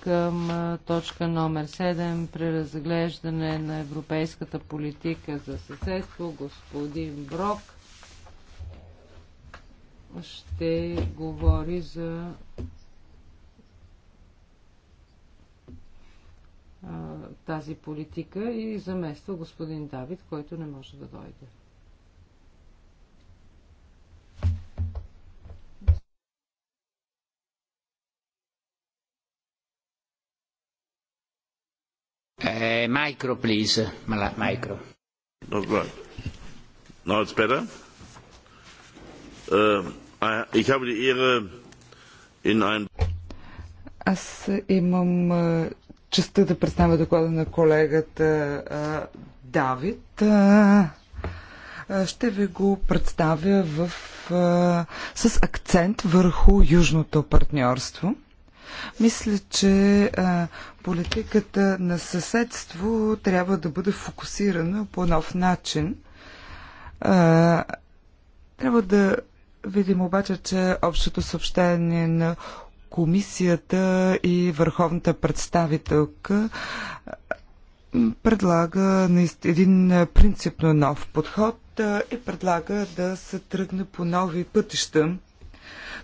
към точка номер 7 преразглеждане на европейската политика за съседство. Господин Брок ще говори за тази политика и замества господин Давид, който не може да дойде. Майкро, плиз. Майкро. Not right. Now it's better. Äh, ah, ich habe die Ehre in ein... Аз имам честа да представя доклада на колегата Давид. Ще ви го представя в, с акцент върху Южното партньорство. Мисля, че а, политиката на съседство трябва да бъде фокусирана по нов начин. А, трябва да видим обаче, че общото съобщение на комисията и върховната представителка предлага един принципно нов подход и предлага да се тръгне по нови пътища.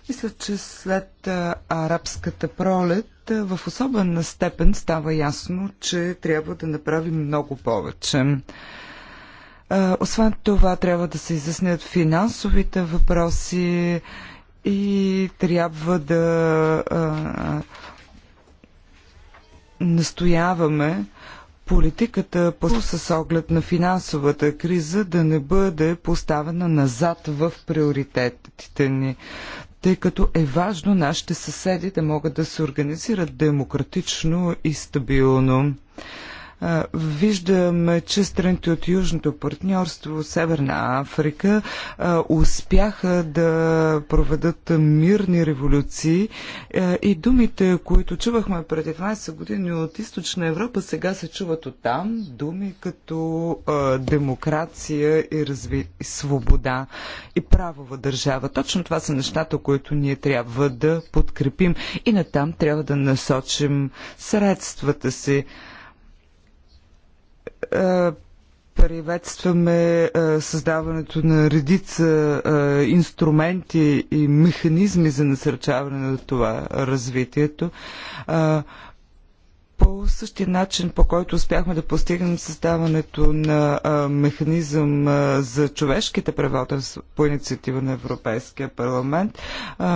Мисля, че след арабската пролет в особена степен става ясно, че трябва да направим много повече. Освен това, трябва да се изяснят финансовите въпроси и трябва да настояваме политиката по с оглед на финансовата криза да не бъде поставена назад в приоритетите ни, тъй като е важно нашите съседи да могат да се организират демократично и стабилно. Виждаме, че страните от Южното партньорство, Северна Африка, успяха да проведат мирни революции и думите, които чувахме преди 12 години от Източна Европа, сега се чуват от там. Думи като демокрация и, разви... и свобода и правова държава. Точно това са нещата, които ние трябва да подкрепим и натам трябва да насочим средствата си. Е, приветстваме е, създаването на редица е, инструменти и механизми за насърчаване на това развитието по същия начин, по който успяхме да постигнем създаването на механизъм за човешките права по инициатива на Европейския парламент,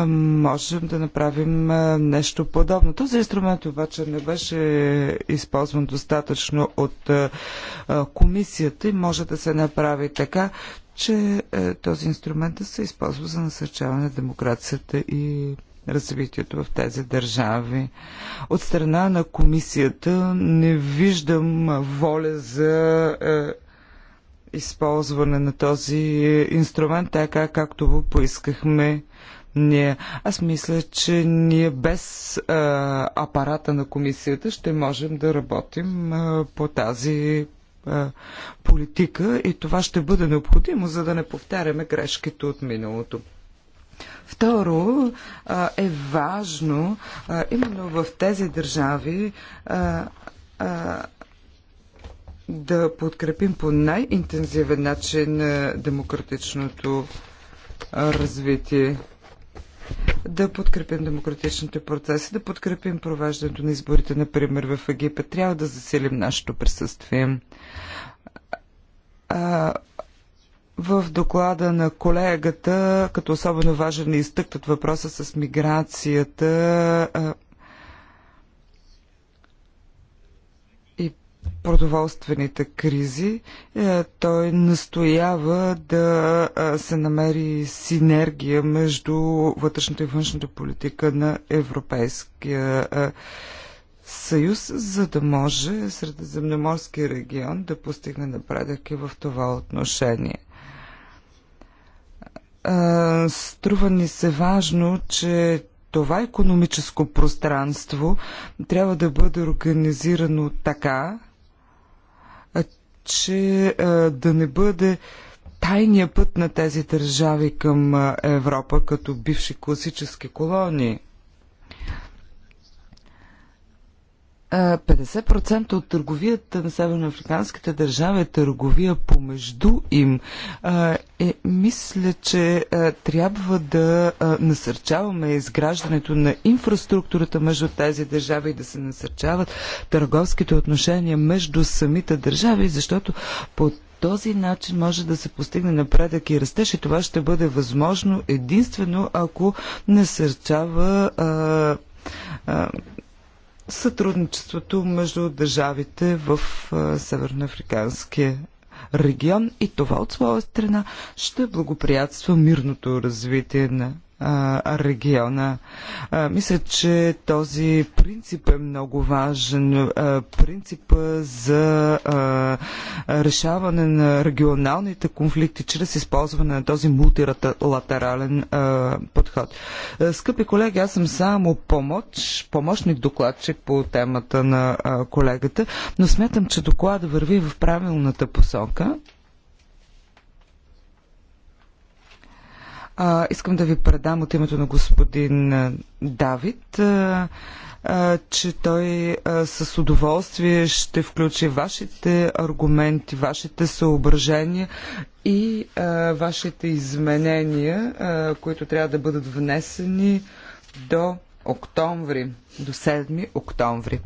можем да направим нещо подобно. Този инструмент обаче не беше използван достатъчно от комисията и може да се направи така, че този инструмент да се използва за насърчаване на демокрацията и развитието в тези държави. От страна на комисията не виждам воля за е, използване на този инструмент, така както го поискахме ние. Аз мисля, че ние без е, апарата на комисията ще можем да работим е, по тази е, политика и това ще бъде необходимо, за да не повтаряме грешките от миналото. Второ, е важно именно в тези държави да подкрепим по най-интензивен начин демократичното развитие. Да подкрепим демократичните процеси, да подкрепим провеждането на изборите, например, в Египет. Трябва да засилим нашето присъствие в доклада на колегата, като особено важен, от въпроса с миграцията и продоволствените кризи. Е, той настоява да се намери синергия между вътрешната и външната политика на Европейския съюз, за да може Средиземноморския регион да постигне напредък и в това отношение струва ни се важно, че това економическо пространство трябва да бъде организирано така, че да не бъде тайния път на тези държави към Европа като бивши класически колонии. 50% от търговията на северноафриканските държави е търговия помежду им. Е, мисля, че трябва да насърчаваме изграждането на инфраструктурата между тези държави и да се насърчават търговските отношения между самите държави, защото по този начин може да се постигне напредък и растеж и това ще бъде възможно единствено ако насърчава а, сътрудничеството между държавите в Северноафриканския регион и това от своя страна ще благоприятства мирното развитие на региона. мисля, че този принцип е много важен. Принцип принципа за решаване на регионалните конфликти чрез използване на този мултилатерален подход. скъпи колеги, аз съм само помощ, помощник докладчик по темата на колегата, но смятам, че доклада върви в правилната посока. А, искам да ви предам от името на господин Давид, а, а, че той а, с удоволствие ще включи вашите аргументи, вашите съображения и а, вашите изменения, а, които трябва да бъдат внесени до октомври, до 7 октомври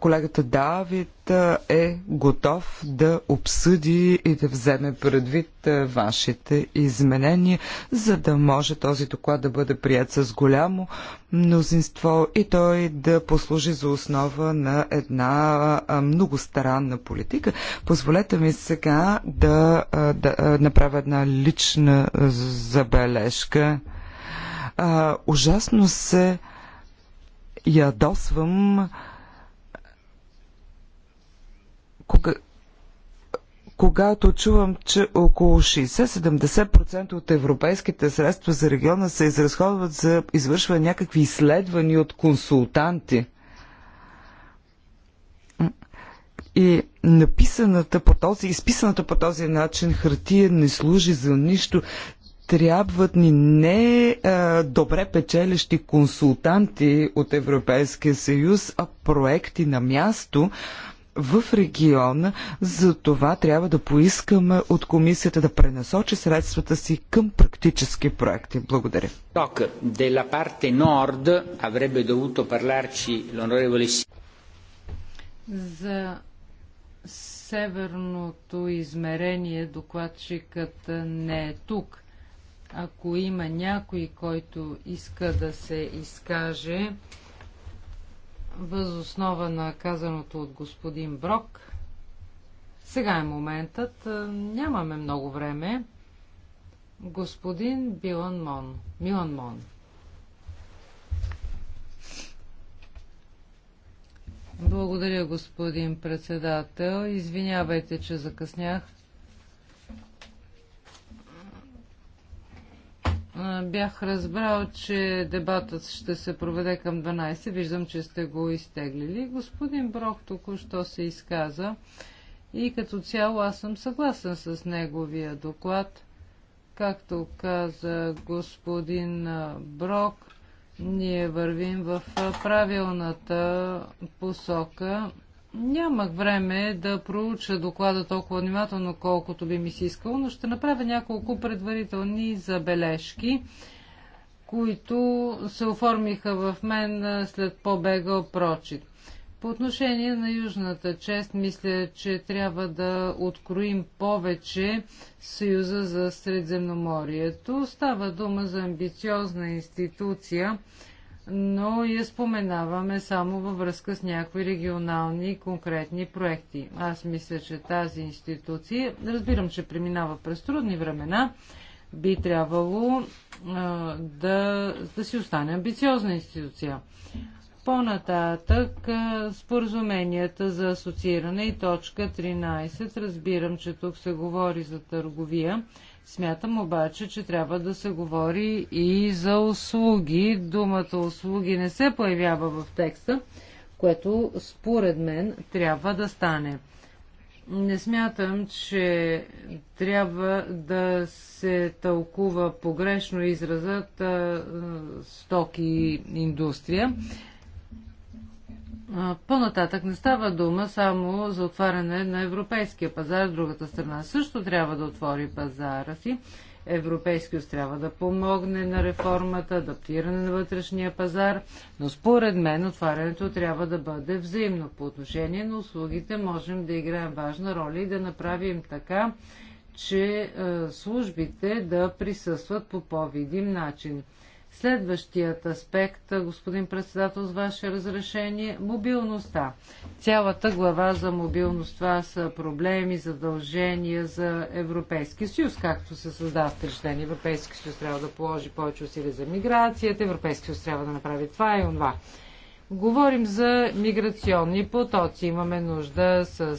колегата Давид е готов да обсъди и да вземе предвид вашите изменения, за да може този доклад да бъде прият с голямо мнозинство и той да послужи за основа на една многостранна политика. Позволете ми сега да, да направя една лична забележка. ужасно се ядосвам кога, когато чувам, че около 60-70% от европейските средства за региона се изразходват за извършване някакви изследвания от консултанти. И написаната по този, изписаната по този начин хартия не служи за нищо. Трябват ни не а, добре печелещи консултанти от Европейския съюз, а проекти на място, а, в региона. За това трябва да поискаме от комисията да пренасочи средствата си към практически проекти. Благодаря. За северното измерение докладчикът не е тук. Ако има някой, който иска да се изкаже, Възоснова на казаното от господин Брок, сега е моментът. Е, нямаме много време. Господин Билан Мон. Милан Мон. Благодаря, господин председател. Извинявайте, че закъснях. бях разбрал, че дебатът ще се проведе към 12. Виждам, че сте го изтеглили. Господин Брок току-що се изказа и като цяло аз съм съгласен с неговия доклад. Както каза господин Брок, ние вървим в правилната посока Нямах време да проуча доклада толкова внимателно, колкото би ми се искало, но ще направя няколко предварителни забележки, които се оформиха в мен след по-бегал прочит. По отношение на южната чест, мисля, че трябва да откроим повече Съюза за Средземноморието. Става дума за амбициозна институция, но я споменаваме само във връзка с някои регионални конкретни проекти. Аз мисля, че тази институция, разбирам, че преминава през трудни времена, би трябвало а, да, да си остане амбициозна институция. По-нататък споразуменията за асоцииране и точка 13. Разбирам, че тук се говори за търговия. Смятам обаче, че трябва да се говори и за услуги. Думата услуги не се появява в текста, което според мен трябва да стане. Не смятам, че трябва да се тълкува погрешно изразът стоки и индустрия. По-нататък не става дума само за отваряне на европейския пазар, другата страна също трябва да отвори пазара си. Европейския трябва да помогне на реформата, адаптиране на вътрешния пазар, но според мен отварянето трябва да бъде взаимно. По отношение на услугите можем да играем важна роля и да направим така, че е, службите да присъстват по по-видим начин. Следващият аспект, господин председател, с ваше разрешение, мобилността. Цялата глава за мобилност, това са проблеми, задължения за Европейски съюз, както се създава впечатление. Европейски съюз трябва да положи повече усилия за миграцията, Европейски съюз трябва да направи това и онова. Говорим за миграционни потоци. Имаме нужда с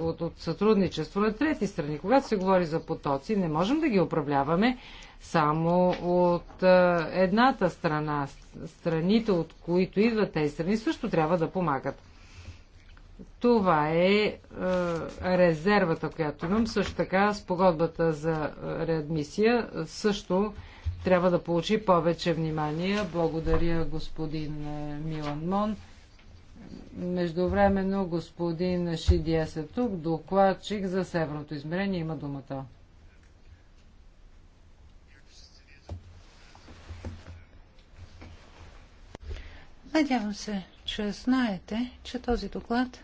от, от сътрудничество на трети страни. Когато се говори за потоци, не можем да ги управляваме само от а, едната страна. Страните, от които идват тези страни, също трябва да помагат. Това е, е резервата, която имам. Също така, с погодбата за реадмисия също трябва да получи повече внимание. Благодаря господин Милан Мон. Междувременно господин Шидиес е тук, докладчик за северното измерение. Има думата. Надявам се, че знаете, че този доклад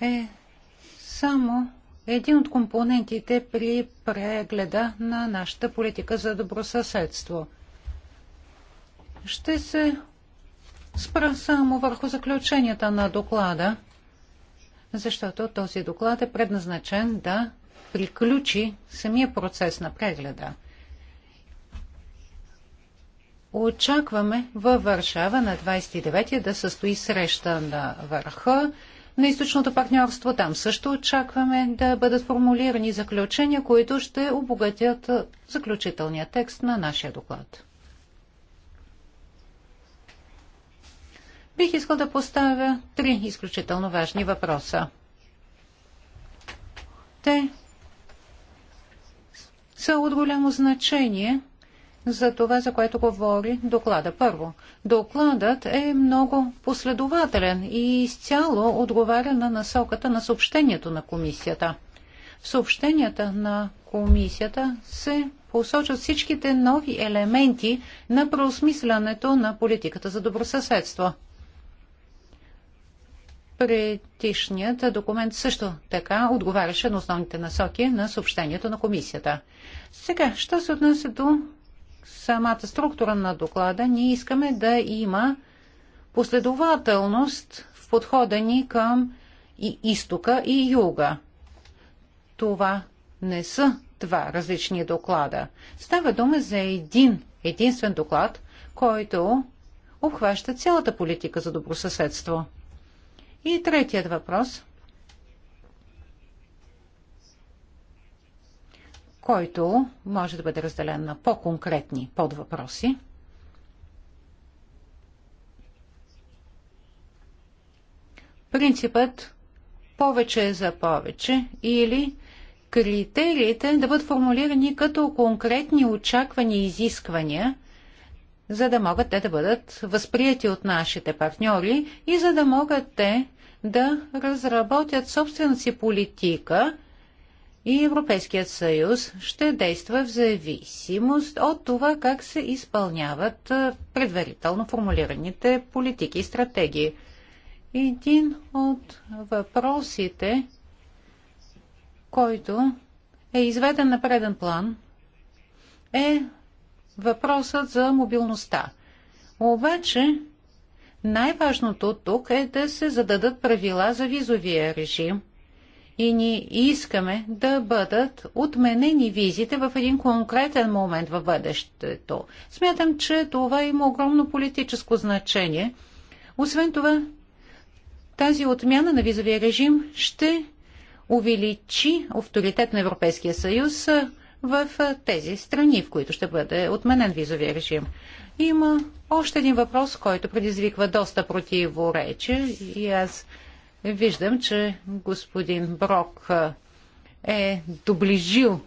е само един от компонентите при прегледа на нашата политика за добросъседство. Ще се спра само върху заключенията на доклада, защото този доклад е предназначен да приключи самия процес на прегледа. Очакваме във Варшава на 29-я да състои среща на върха на източното партньорство. Там също очакваме да бъдат формулирани заключения, които ще обогатят заключителния текст на нашия доклад. Бих искал да поставя три изключително важни въпроса. Те са от голямо значение – за това, за което говори доклада. Първо, докладът е много последователен и изцяло отговаря на насоката на съобщението на комисията. В съобщенията на комисията се посочат всичките нови елементи на преосмислянето на политиката за добросъседство. Предишният документ също така отговаряше на основните насоки на съобщението на комисията. Сега, що се отнася до самата структура на доклада, ние искаме да има последователност в подхода ни към и изтока и юга. Това не са два различни доклада. Става дума за един единствен доклад, който обхваща цялата политика за добросъседство. И третият въпрос – който може да бъде разделен на по-конкретни подвъпроси. Принципът повече за повече или критериите да бъдат формулирани като конкретни очаквания и изисквания, за да могат те да бъдат възприяти от нашите партньори и за да могат те да разработят собствената си политика – и Европейският съюз ще действа в зависимост от това как се изпълняват предварително формулираните политики и стратегии. Един от въпросите, който е изведен на преден план, е въпросът за мобилността. Обаче най-важното тук е да се зададат правила за визовия режим – и ние искаме да бъдат отменени визите в един конкретен момент в бъдещето. Смятам, че това има огромно политическо значение. Освен това, тази отмяна на визовия режим ще увеличи авторитет на Европейския съюз в тези страни, в които ще бъде отменен визовия режим. Има още един въпрос, който предизвиква доста противоречия и аз Виждам, че господин Брок е доближил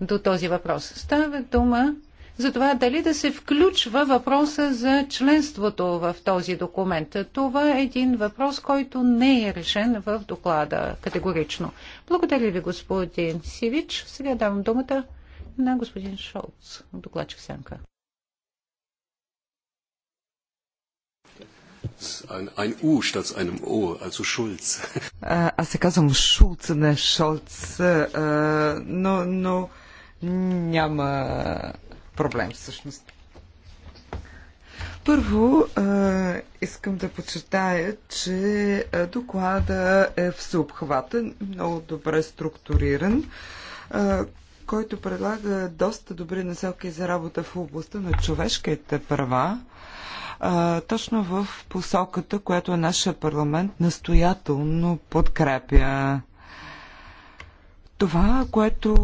до този въпрос. Става дума за това дали да се включва въпроса за членството в този документ. Това е един въпрос, който не е решен в доклада категорично. Благодаря ви, господин Сивич. Сега давам думата на господин Шолц, докладчик Сянка. Ein, ein U statt einem O, also Schulz. Аз се казвам Шулц, не Шолц, но, но няма проблем всъщност. Първо, е, искам да подчертая, че е, доклада е всеобхватен, много добре структуриран, е, който предлага доста добри насоки за работа в областта на човешките права а, точно в посоката, която е нашия парламент настоятелно подкрепя. Това, което,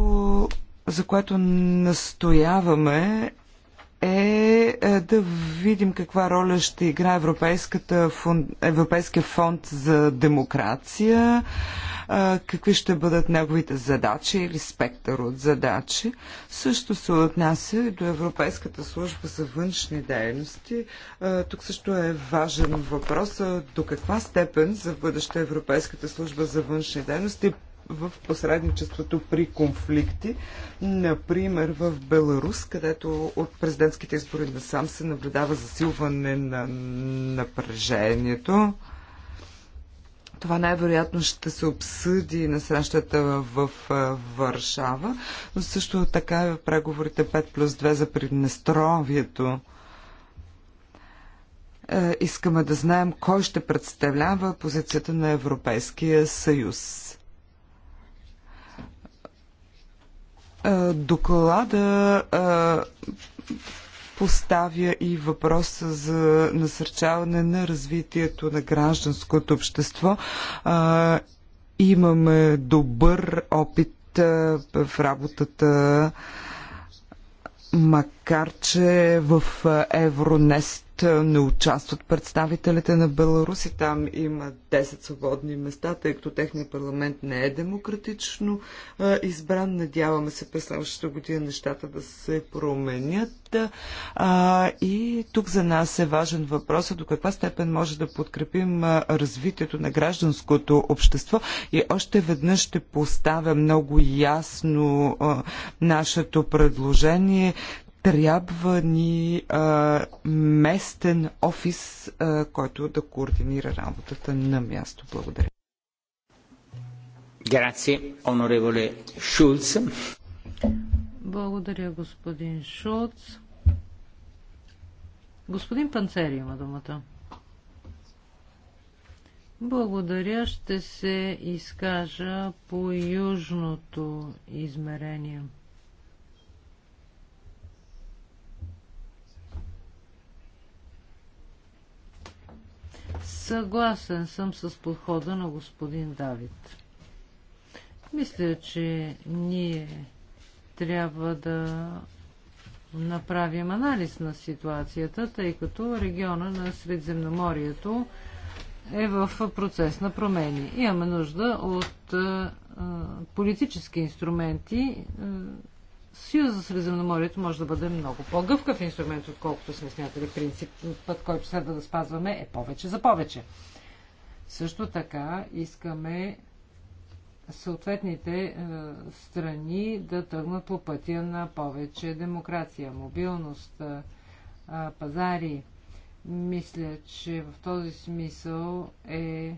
за което настояваме е, е да видим каква роля ще играе Европейския фонд за демокрация, какви ще бъдат неговите задачи или спектър от задачи. Също се отнася и до Европейската служба за външни дейности. Тук също е важен въпрос до каква степен за бъдеще Европейската служба за външни дейности в посредничеството при конфликти, например в Беларус, където от президентските избори насам се наблюдава засилване на напрежението. Това най-вероятно ще се обсъди на срещата в Варшава, но също така и в преговорите 5 плюс 2 за Приднестровието. Е, искаме да знаем кой ще представлява позицията на Европейския съюз. Е, доклада е, поставя и въпроса за насърчаване на развитието на гражданското общество. А, имаме добър опит а, в работата, макар че в Евронест не участват представителите на Беларус и там има 10 свободни места, тъй като техният парламент не е демократично избран. Надяваме се през следващата година нещата да се променят. и тук за нас е важен въпрос до каква степен може да подкрепим развитието на гражданското общество. И още веднъж ще поставя много ясно нашето предложение трябва ни а, местен офис, а, който да координира работата на място. Благодаря. Грация, онореволе Шулц. Благодаря, господин Шулц. Господин Панцери има думата. Благодаря. Ще се изкажа по южното измерение – Съгласен съм с подхода на господин Давид. Мисля, че ние трябва да направим анализ на ситуацията, тъй като региона на Средземноморието е в процес на промени. Имаме нужда от политически инструменти Съюз за Средиземноморието може да бъде много по-гъвкав инструмент, отколкото сме смятали принцип. Път, който следва да спазваме е повече за повече. Също така искаме съответните е, страни да тръгнат по пътя на повече демокрация, мобилност, е, е пазари. Мисля, че в този смисъл е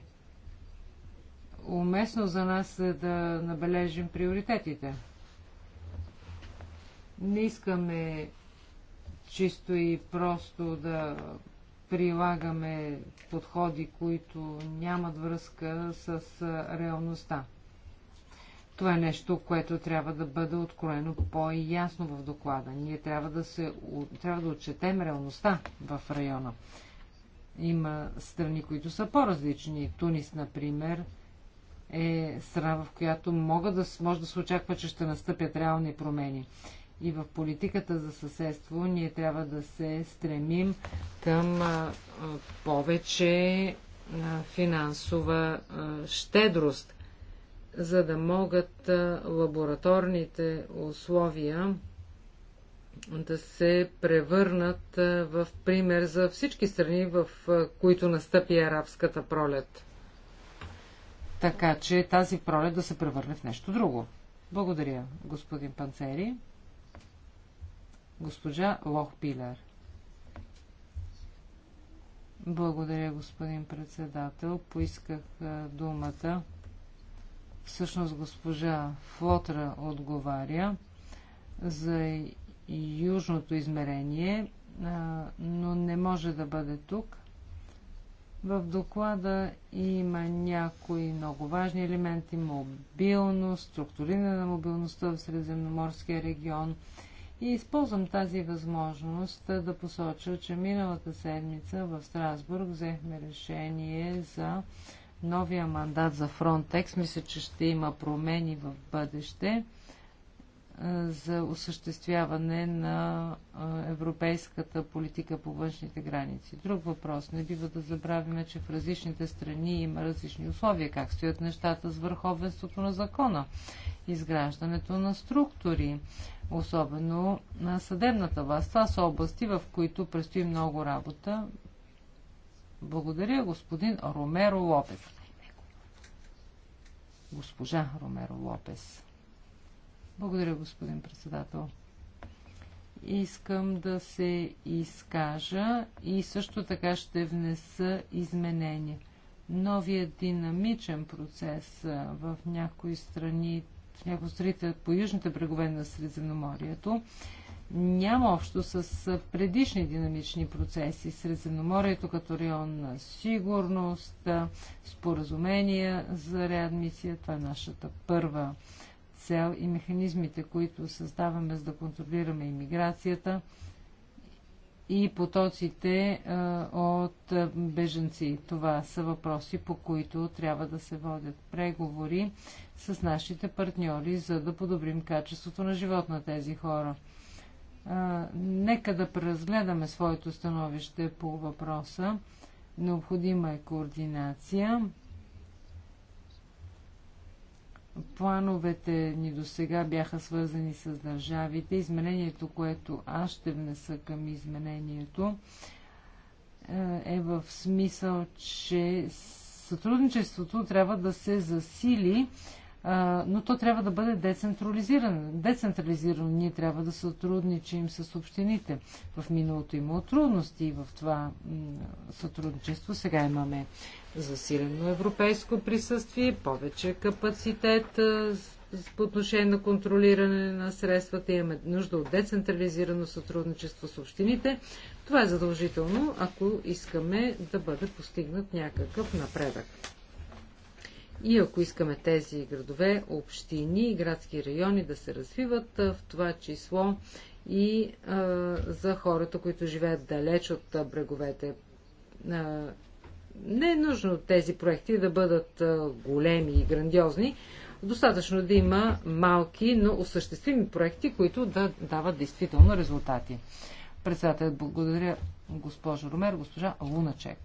уместно за нас е да набележим приоритетите. Не искаме чисто и просто да прилагаме подходи, които нямат връзка с реалността. Това е нещо, което трябва да бъде откроено по-ясно в доклада. Ние трябва да, се, трябва да отчетем реалността в района. Има страни, които са по-различни. Тунис, например, е страна, в която могат да, може да се очаква, че ще настъпят реални промени и в политиката за съседство ние трябва да се стремим към повече финансова щедрост, за да могат лабораторните условия да се превърнат в пример за всички страни, в които настъпи арабската пролет. Така че тази пролет да се превърне в нещо друго. Благодаря, господин Панцери. Госпожа Лохпилер. Благодаря, господин председател. Поисках думата. Всъщност госпожа Флотра отговаря за южното измерение, но не може да бъде тук. В доклада има някои много важни елементи мобилност, структурина на мобилността в Средиземноморския регион – и използвам тази възможност да посоча, че миналата седмица в Страсбург взехме решение за новия мандат за Фронтекс. Мисля, че ще има промени в бъдеще за осъществяване на европейската политика по външните граници. Друг въпрос. Не бива да забравяме, че в различните страни има различни условия. Как стоят нещата с върховенството на закона? Изграждането на структури, особено на съдебната власт. Това са области, в които предстои много работа. Благодаря, господин Ромеро Лопес. Госпожа Ромеро Лопес. Благодаря, господин председател. Искам да се изкажа и също така ще внеса изменения. Новия динамичен процес в някои страни хлябостроите по южните брегове на Средиземноморието няма общо с предишни динамични процеси. Средиземноморието като район на сигурност, споразумения за реадмисия, това е нашата първа цел и механизмите, които създаваме за да контролираме иммиграцията и потоците от беженци. Това са въпроси, по които трябва да се водят преговори с нашите партньори, за да подобрим качеството на живот на тези хора. А, нека да преразгледаме своето становище по въпроса. Необходима е координация. Плановете ни до сега бяха свързани с държавите. Изменението, което аз ще внеса към изменението, е, е в смисъл, че сътрудничеството трябва да се засили но то трябва да бъде децентрализирано. Децентрализирано ние трябва да сътрудничим с общините. В миналото има трудности в това сътрудничество. Сега имаме засилено европейско присъствие, повече капацитет по отношение на контролиране на средствата. Имаме нужда от децентрализирано сътрудничество с общините. Това е задължително, ако искаме да бъде постигнат някакъв напредък. И ако искаме тези градове, общини и градски райони да се развиват, в това число и а, за хората, които живеят далеч от бреговете. А, не е нужно тези проекти да бъдат а, големи и грандиозни. Достатъчно да има малки, но осъществими проекти, които да дават действително резултати. Председателят благодаря госпожо Ромер, госпожа Луначек.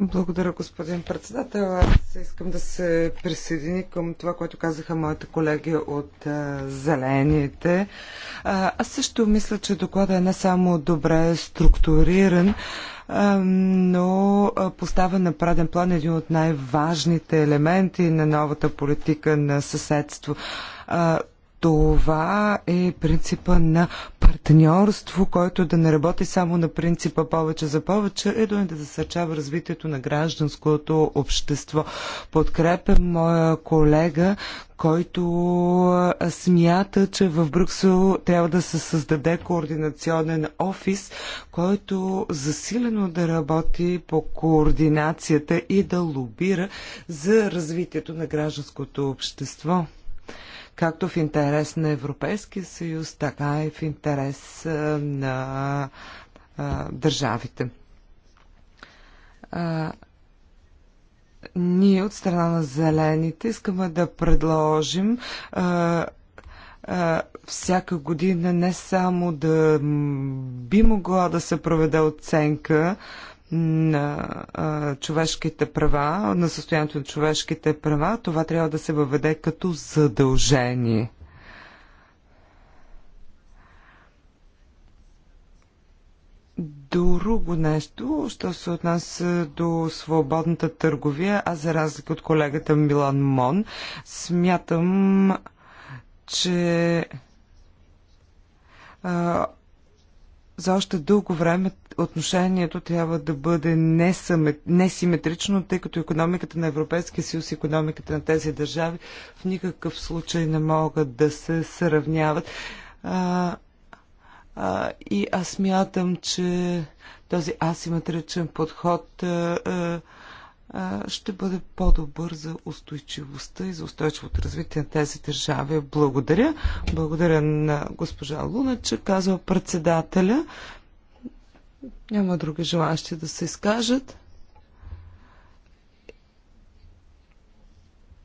Благодаря, господин председател. Аз искам да се присъедини към това, което казаха моите колеги от а, Зелените. А, аз също мисля, че докладът е не само добре структуриран, но поставя на праден план един от най-важните елементи на новата политика на съседство. това е принципа на партньорство, който да не работи само на принципа повече за повече, е да не засърчава развитието на гражданското общество. Подкрепям моя колега, който смята, че в Брюксел трябва да се създаде координационен офис, който засилено да работи по координацията и да лобира за развитието на гражданското общество както в интерес на Европейския съюз, така и в интерес на а, държавите. А, ние от страна на зелените искаме да предложим а, всяка година не само да би могла да се проведе оценка на а, човешките права, на състоянието на човешките права, това трябва да се въведе като задължение. Друго нещо, що се отнася до свободната търговия, а за разлика от колегата Милан Мон, смятам, че а, за още дълго време отношението трябва да бъде несиметрично, тъй като економиката на Европейския съюз и економиката на тези държави в никакъв случай не могат да се сравняват. А, а, и аз мятам, че този асиметричен подход а, а, ще бъде по-добър за устойчивостта и за устойчивото развитие на тези държави. Благодаря. Благодаря на госпожа Луна, че казва председателя. Няма други желащи да се изкажат.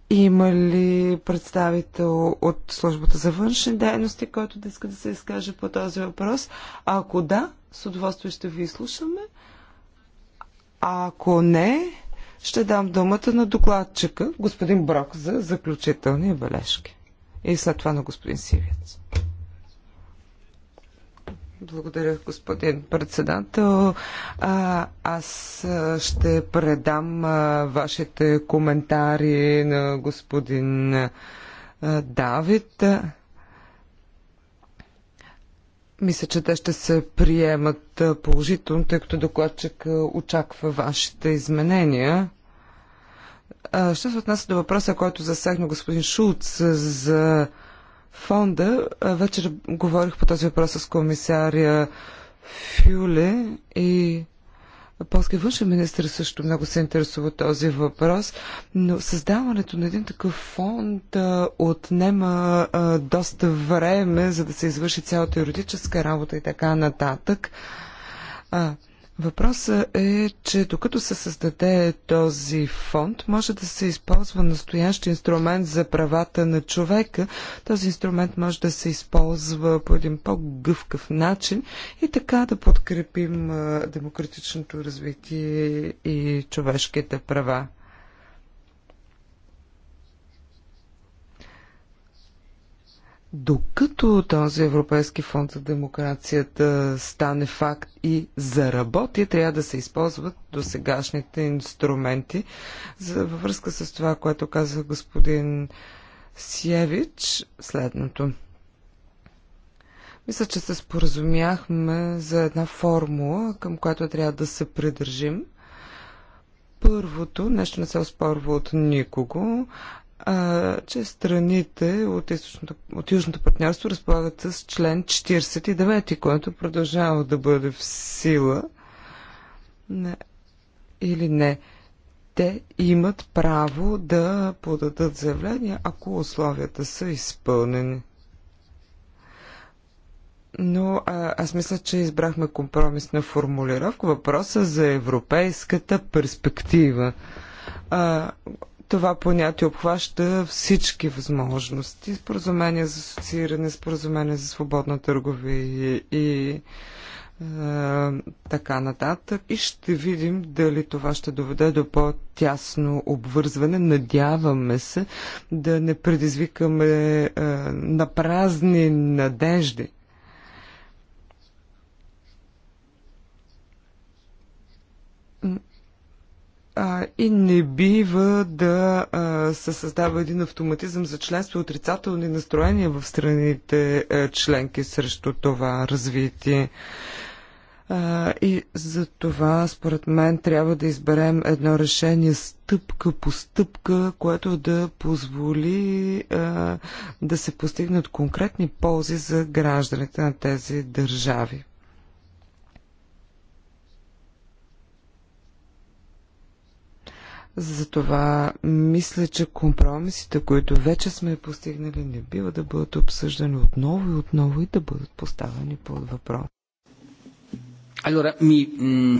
Има ли представител от службата за външни дейности, който да иска да се изкаже по този въпрос? ако да, с удоволствие ще ви слушаме. А ако не, ще дам думата на докладчика, господин Брок, за заключителни бележки. И след това на господин Сивец. Благодаря, господин председател. А, аз ще предам а, вашите коментари на господин а, Давид. Мисля, че те ще се приемат положително, тъй като докладчик очаква вашите изменения. Що се отнася до въпроса, който засегна господин Шулц за фонда. Вечер говорих по този въпрос с комисаря Фюле и Полски външен министр също много се интересува този въпрос, но създаването на един такъв фонд а, отнема а, доста време, за да се извърши цялата юридическа работа и така нататък. А, Въпросът е, че докато се създаде този фонд, може да се използва настоящ инструмент за правата на човека. Този инструмент може да се използва по един по-гъвкав начин и така да подкрепим демократичното развитие и човешките права. докато този Европейски фонд за демокрацията стане факт и заработи, трябва да се използват до сегашните инструменти. За, във връзка с това, което каза господин Сиевич, следното. Мисля, че се споразумяхме за една формула, към която трябва да се придържим. Първото, нещо не се оспорва от никого, а, че страните от, източното, от Южното партньорство разполагат с член 49, който продължава да бъде в сила не, или не. Те имат право да подадат заявления, ако условията са изпълнени. Но а, аз мисля, че избрахме компромисна формулировка. Въпроса за европейската перспектива. А, това понятие обхваща всички възможности. Споразумение за асоцииране, споразумение за свободна търговия и е, така нататък и ще видим дали това ще доведе до по-тясно обвързване. Надяваме се да не предизвикаме е, на празни надежди. А, и не бива да а, се създава един автоматизъм за членство и отрицателни настроения в страните а, членки срещу това развитие. А, и за това, според мен, трябва да изберем едно решение стъпка по стъпка, което да позволи а, да се постигнат конкретни ползи за гражданите на тези държави. Затова мисля, че компромисите, които вече сме постигнали, не бива да бъдат обсъждани отново и отново и да бъдат поставени под въпрос. Allora, mi mh,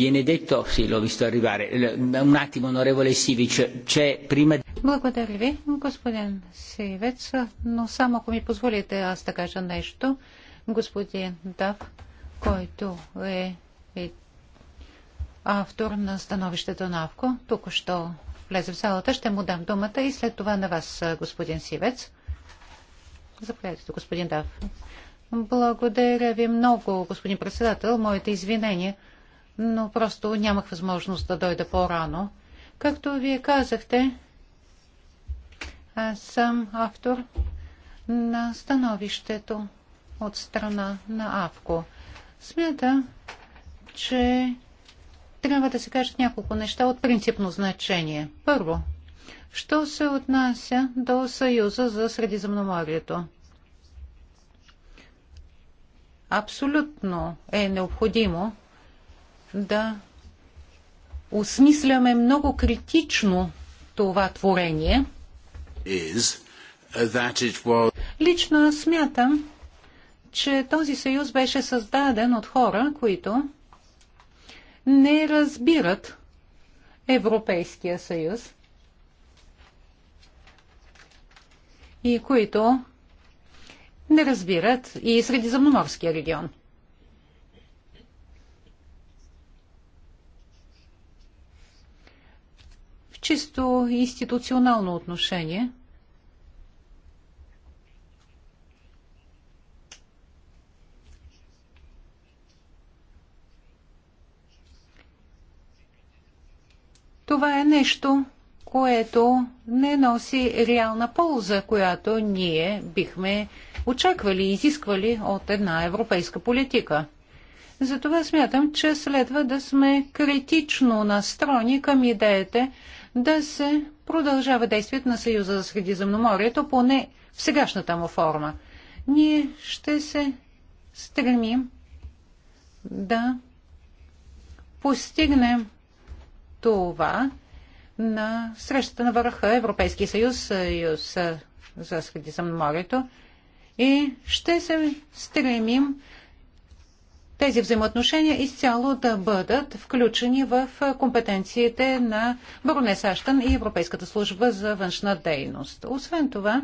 viene detto, sì, l'ho visto arrivare, un attimo, onorevole Sivic, c'è prima... Благодаря ви, господин Сивец, но само ако ми позволите аз да кажа нещо, господин Дав, който е автор на становището на АВКО. Тук що влезе в залата. Ще му дам думата и след това на вас, господин Сивец. Заповядайте, господин Дав. Благодаря ви много, господин председател. Моите извинения, но просто нямах възможност да дойда по-рано. Както вие казахте, аз съм автор на становището от страна на АВКО. Смята, че трябва да се кажат няколко неща от принципно значение. Първо, що се отнася до Съюза за Средиземноморието? Абсолютно е необходимо да осмисляме много критично това творение. Is, was... Лично смятам, че този съюз беше създаден от хора, които не разбират Европейския съюз и които не разбират и Средиземноморския регион. В чисто институционално отношение Това е нещо, което не носи реална полза, която ние бихме очаквали и изисквали от една европейска политика. Затова смятам, че следва да сме критично настроени към идеите да се продължава действието на Съюза за Средиземноморието, поне в сегашната му форма. Ние ще се стремим да постигнем това на срещата на върха Европейския съюз, съюз за Средиземноморието и ще се стремим тези взаимоотношения изцяло да бъдат включени в компетенциите на Баронес Аштън и Европейската служба за външна дейност. Освен това,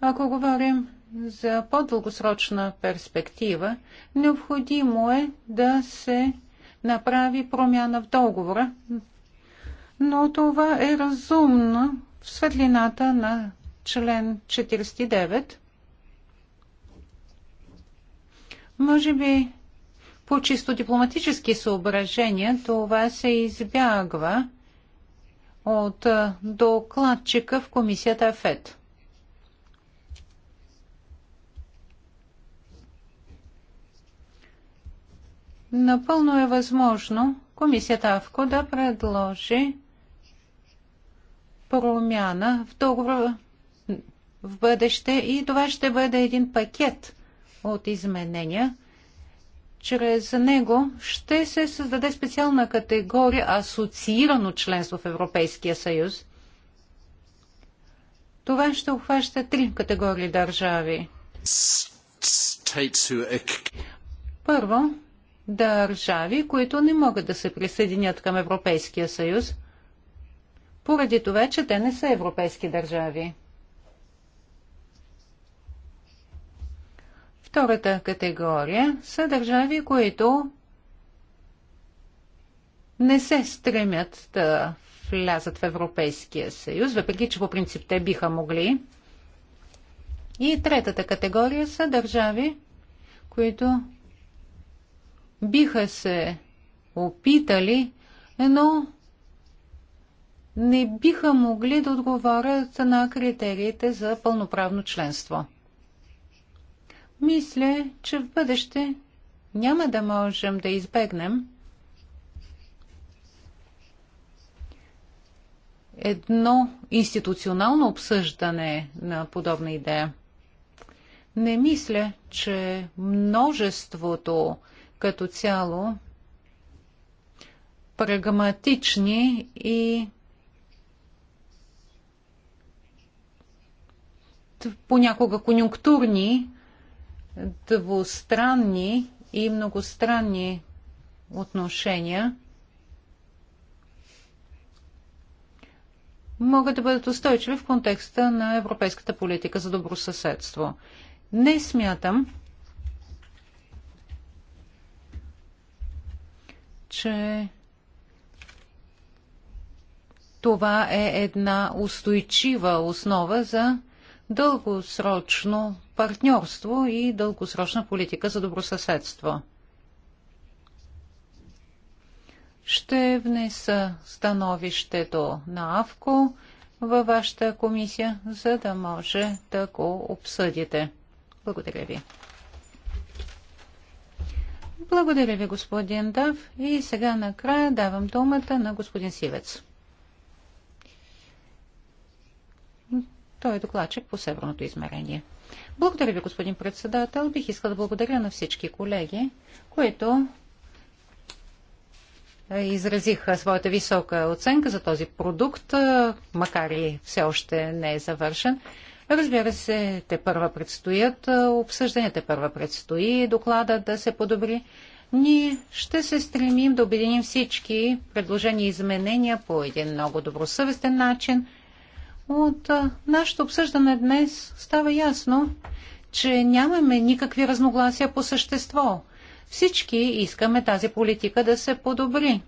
ако говорим за по-дългосрочна перспектива, необходимо е да се направи промяна в договора, но това е разумно в светлината на член 49. Може би по чисто дипломатически съображения това се избягва от докладчика в комисията ФЕД. напълно е възможно комисията АВКО да предложи промяна в договора в бъдеще и това ще бъде един пакет от изменения. Чрез него ще се създаде специална категория асоциирано членство в Европейския съюз. Това ще обхваща три категории държави. Първо, държави, които не могат да се присъединят към Европейския съюз, поради това, че те не са европейски държави. Втората категория са държави, които не се стремят да влязат в Европейския съюз, въпреки че по принцип те биха могли. И третата категория са държави, които биха се опитали, но не биха могли да отговорят на критериите за пълноправно членство. Мисля, че в бъдеще няма да можем да избегнем едно институционално обсъждане на подобна идея. Не мисля, че множеството като цяло прагматични и понякога конюнктурни, двустранни и многостранни отношения могат да бъдат устойчиви в контекста на европейската политика за добросъседство. Не смятам, че това е една устойчива основа за дългосрочно партньорство и дългосрочна политика за добросъседство. Ще внеса становището на АВКО във вашата комисия, за да може да го обсъдите. Благодаря ви. Благодаря ви, господин Дав. И сега накрая давам думата на господин Сивец. Той е докладчик по северното измерение. Благодаря ви, господин председател. Бих искал да благодаря на всички колеги, които изразиха своята висока оценка за този продукт, макар и все още не е завършен. Разбира се, те първа предстоят обсъждания, те първа предстои доклада да се подобри. Ние ще се стремим да обединим всички предложения и изменения по един много добросъвестен начин. От нашето обсъждане днес става ясно, че нямаме никакви разногласия по същество. Всички искаме тази политика да се подобри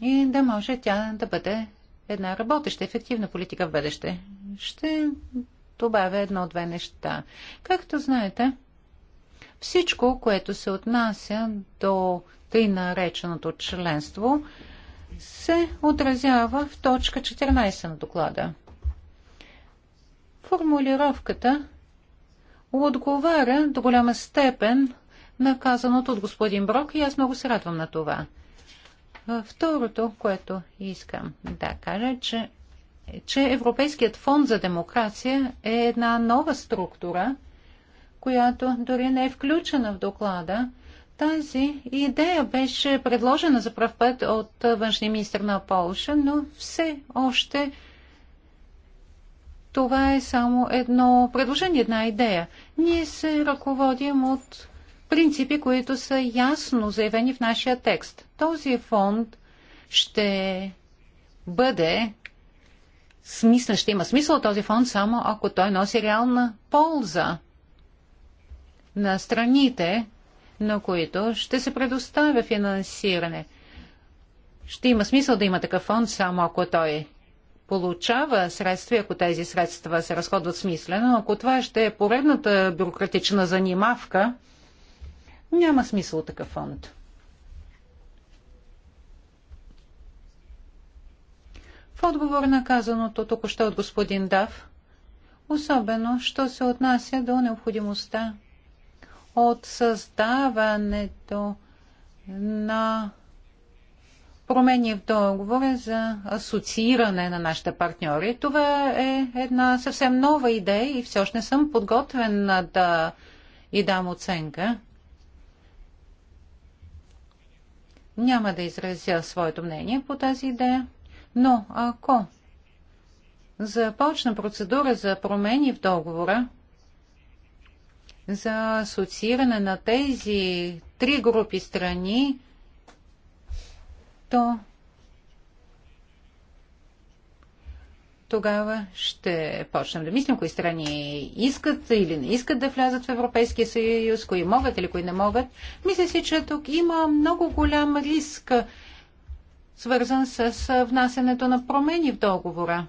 и да може тя да бъде една работеща, ефективна политика в бъдеще. Ще добавя едно-две неща. Както знаете, всичко, което се отнася до тъй нареченото членство, се отразява в точка 14 на доклада. Формулировката отговаря до голяма степен на казаното от господин Брок и аз много се радвам на това. Второто, което искам да кажа, че, че Европейският фонд за демокрация е една нова структура, която дори не е включена в доклада. Тази идея беше предложена за пръв път от външния министр на Полша, но все още това е само едно предложение, една идея. Ние се ръководим от принципи, които са ясно заявени в нашия текст. Този фонд ще бъде смисъл, ще има смисъл този фонд само ако той носи реална полза на страните, на които ще се предоставя финансиране. Ще има смисъл да има такъв фонд само ако той получава средства и ако тези средства се разходват смислено, ако това ще е поредната бюрократична занимавка, няма смисъл такъв фонд. В отговор на казаното току-що от господин Дав, особено, що се отнася до необходимостта от създаването на промени в договора за асоцииране на нашите партньори. Това е една съвсем нова идея и все още не съм подготвен да и дам оценка. Няма да изразя своето мнение по тази идея, но ако започна процедура за промени в договора, за асоцииране на тези три групи страни, то тогава ще почнем да мислим кои страни искат или не искат да влязат в Европейския съюз, кои могат или кои не могат. Мисля си, че тук има много голям риск, свързан с внасенето на промени в договора.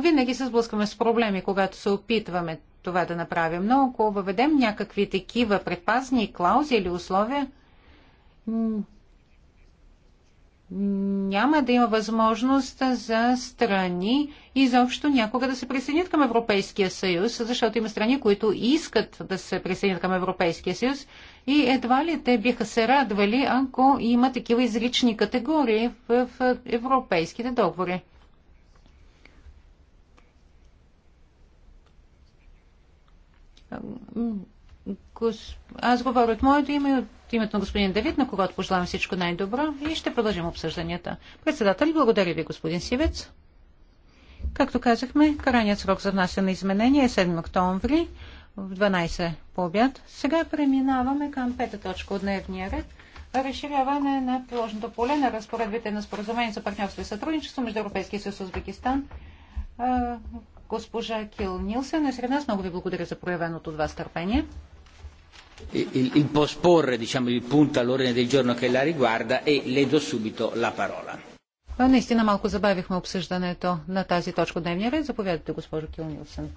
Винаги се сблъскваме с проблеми, когато се опитваме това да направим. Но ако въведем някакви такива предпазни клаузи или условия, няма да има възможност за страни изобщо някога да се присъединят към Европейския съюз, защото има страни, които искат да се присъединят към Европейския съюз и едва ли те биха се радвали, ако има такива излични категории в европейските договори. Гос... Аз говоря от моето име и от името на господин Давид, на когото пожелавам всичко най-добро и ще продължим обсъжданията. Председател, благодаря ви, господин Сивец. Както казахме, крайният срок за внасяне на изменения е 7 октомври в 12 по обяд. Сега преминаваме към пета точка от дневния ред. Разширяване на приложното поле на разпоредбите на споразумение за партньорство и сътрудничество между Европейския съюз и Узбекистан. Госпожа Кил Нилсен е сред нас. Много ви благодаря за проявеното от вас търпение il, il posporre diciamo, il punto all'ordine del giorno che la riguarda e le do subito la parola. Наистина малко забавихме обсъждането на тази точка от дневния ред. Заповядайте, госпожо Кил Нилсен.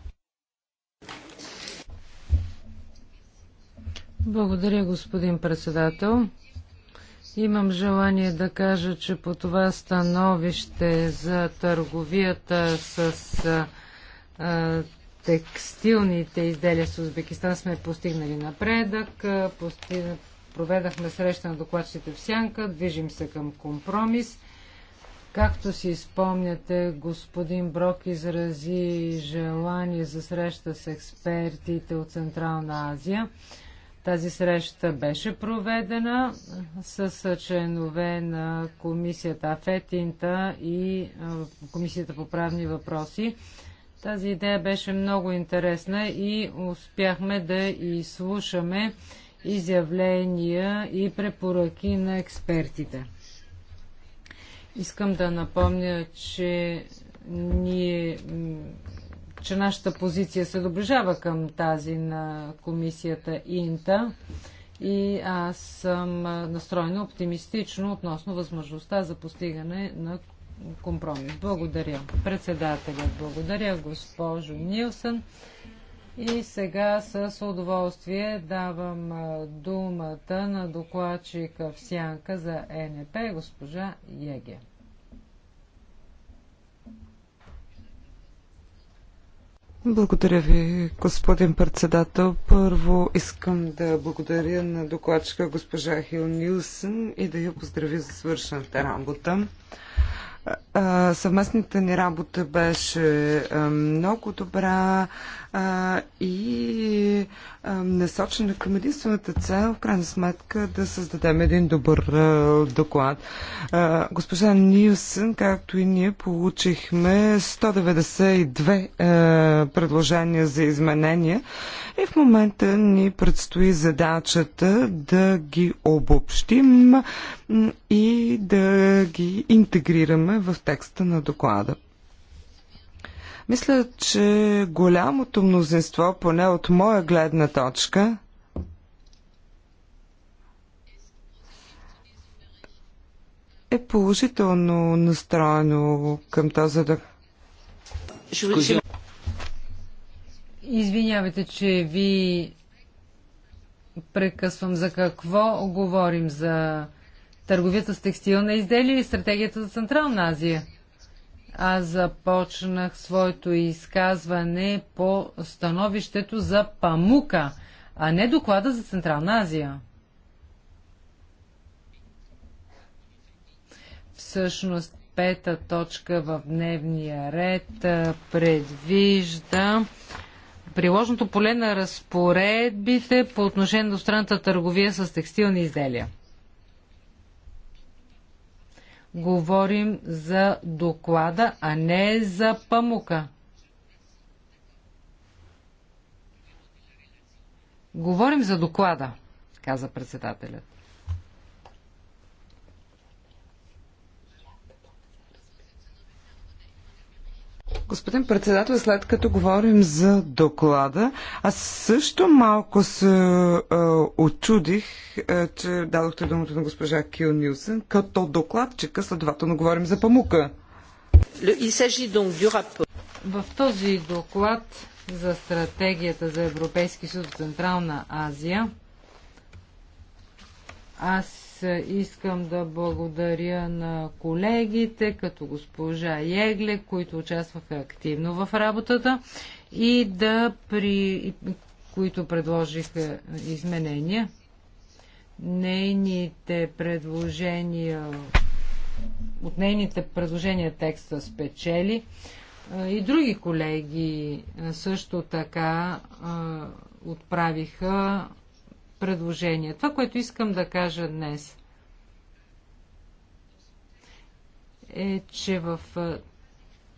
Благодаря, господин председател. Имам желание да кажа, че по това становище за търговията с а, текстилните изделия с Узбекистан сме постигнали напредък. Проведахме среща на докладчите в Сянка. Движим се към компромис. Както си спомняте, господин Брок изрази желание за среща с експертите от Централна Азия. Тази среща беше проведена с членове на комисията АФЕТИНТА и комисията по правни въпроси. Тази идея беше много интересна и успяхме да изслушаме изявления и препоръки на експертите. Искам да напомня, че ние че нашата позиция се доближава към тази на комисията Инта и аз съм настроена оптимистично относно възможността за постигане на компромис. Благодаря. Председателят, благодаря, госпожо Нилсън. И сега с удоволствие давам думата на докладчика в сянка за НП, госпожа Еге. Благодаря ви, господин председател. Първо искам да благодаря на докладчика госпожа Хил Нилсън и да я поздравя за свършената работа съвместната ни работа беше много добра и насочена към единствената цел, в крайна сметка, да създадем един добър доклад. Госпожа Нилсън, както и ние, получихме 192 предложения за изменения и в момента ни предстои задачата да ги обобщим и да ги интегрираме имаме в текста на доклада. Мисля, че голямото мнозинство, поне от моя гледна точка, е положително настроено към този да... Извинявайте, че ви прекъсвам. За какво говорим? За търговията с текстилна изделия и стратегията за Централна Азия. Аз започнах своето изказване по становището за памука, а не доклада за Централна Азия. Всъщност, пета точка в дневния ред предвижда приложното поле на разпоредбите по отношение на страната търговия с текстилни изделия говорим за доклада, а не за памука. Говорим за доклада, каза председателят. Господин председател, след като говорим за доклада, аз също малко се е, очудих, е, че дадохте думата на госпожа Кил Нилсън, като докладчика, следователно говорим за памука. В този доклад за стратегията за Европейски съюз в Централна Азия, аз искам да благодаря на колегите, като госпожа Егле, които участваха активно в работата и да при... които предложиха изменения. Нейните предложения от нейните предложения текста спечели. И други колеги също така отправиха предложения. Това, което искам да кажа днес е, че в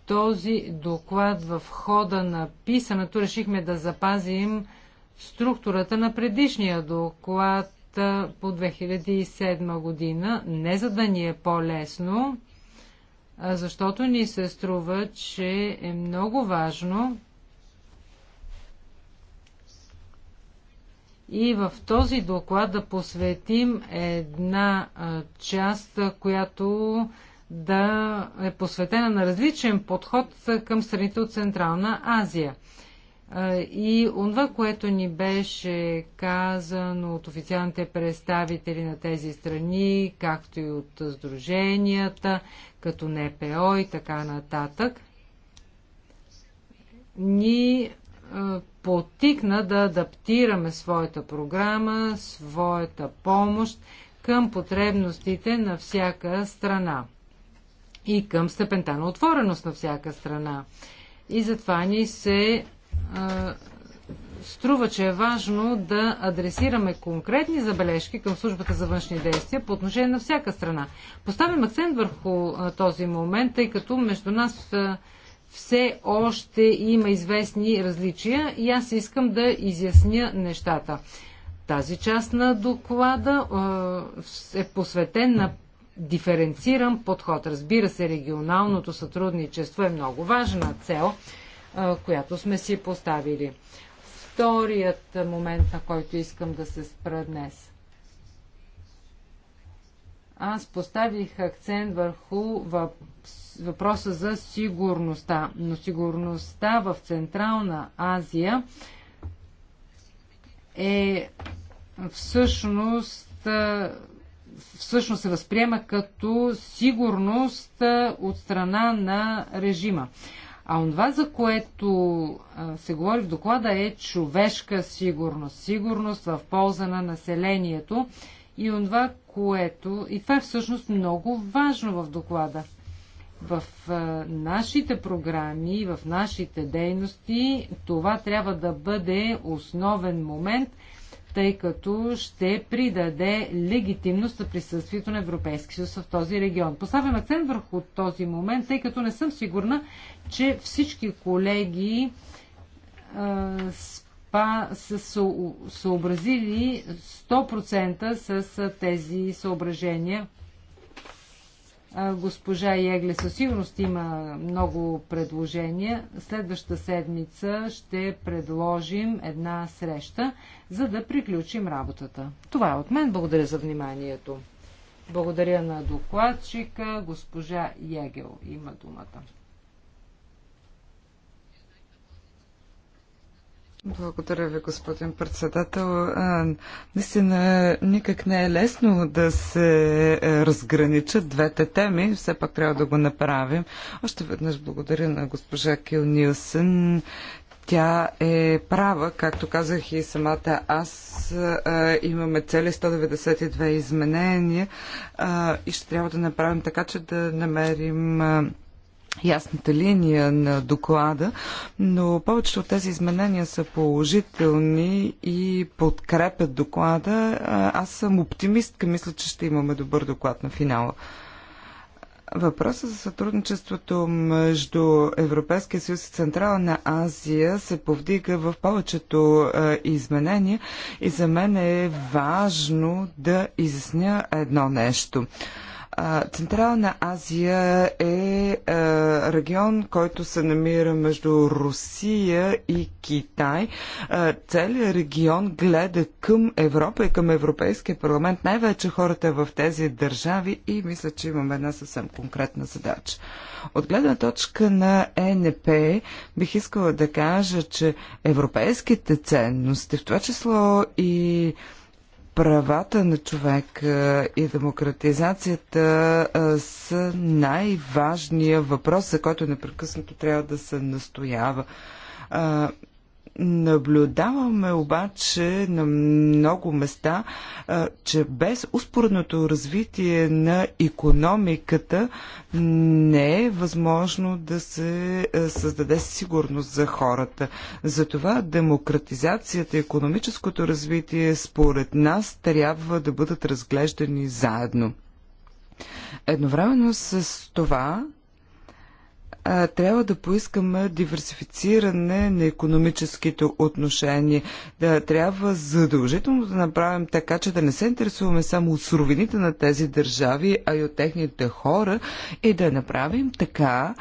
този доклад в хода на писането решихме да запазим структурата на предишния доклад по 2007 година, не за да ни е по-лесно, защото ни се струва, че е много важно и в този доклад да посветим една част, която да е посветена на различен подход към страните от Централна Азия. И това, което ни беше казано от официалните представители на тези страни, както и от сдруженията, като НПО и така нататък, ни е, потикна да адаптираме своята програма, своята помощ към потребностите на всяка страна и към степента на отвореност на всяка страна. И затова ни се е, струва, че е важно да адресираме конкретни забележки към службата за външни действия по отношение на всяка страна. Поставим акцент върху а, е, този момент, тъй като между нас а, е, все още има известни различия и аз искам да изясня нещата. Тази част на доклада е посветен на диференциран подход. Разбира се, регионалното сътрудничество е много важна цел, която сме си поставили. Вторият момент, на който искам да се спра днес аз поставих акцент върху въпроса за сигурността. Но сигурността в Централна Азия е всъщност всъщност се възприема като сигурност от страна на режима. А това, за което се говори в доклада е човешка сигурност, сигурност в полза на населението и това, което и това е всъщност много важно в доклада. В нашите програми, в нашите дейности това трябва да бъде основен момент, тъй като ще придаде легитимност на присъствието на Европейски съюз в този регион. Поставям акцент върху този момент, тъй като не съм сигурна, че всички колеги а, СПА са съобразили 100% с тези съображения. Госпожа Егле със сигурност има много предложения. Следващата седмица ще предложим една среща, за да приключим работата. Това е от мен. Благодаря за вниманието. Благодаря на докладчика. Госпожа Егел, има думата. Благодаря ви, господин председател. наистина никак не е лесно да се е, разграничат двете теми. Все пак трябва да го направим. Още веднъж благодаря на госпожа Кил Нилсен. Тя е права, както казах и самата аз. имаме цели 192 изменения и ще трябва да направим така, че да намерим ясната линия на доклада, но повечето от тези изменения са положителни и подкрепят доклада. Аз съм оптимистка, мисля, че ще имаме добър доклад на финала. Въпросът за сътрудничеството между Европейския съюз и Централна Азия се повдига в повечето е, изменения и за мен е важно да изясня едно нещо. Централна Азия е, е регион, който се намира между Русия и Китай. Целият регион гледа към Европа и към Европейския парламент, най-вече хората в тези държави и мисля, че имаме една съвсем конкретна задача. От гледна точка на ЕНП бих искала да кажа, че европейските ценности, в това число и правата на човека и демократизацията са най-важния въпрос, за който непрекъснато трябва да се настоява. Наблюдаваме обаче на много места, че без успоредното развитие на економиката не е възможно да се създаде сигурност за хората. Затова демократизацията и економическото развитие според нас трябва да бъдат разглеждани заедно. Едновременно с това трябва да поискаме диверсифициране на економическите отношения. Да, трябва задължително да направим така, че да не се интересуваме само от суровините на тези държави, а и от техните хора и да направим така,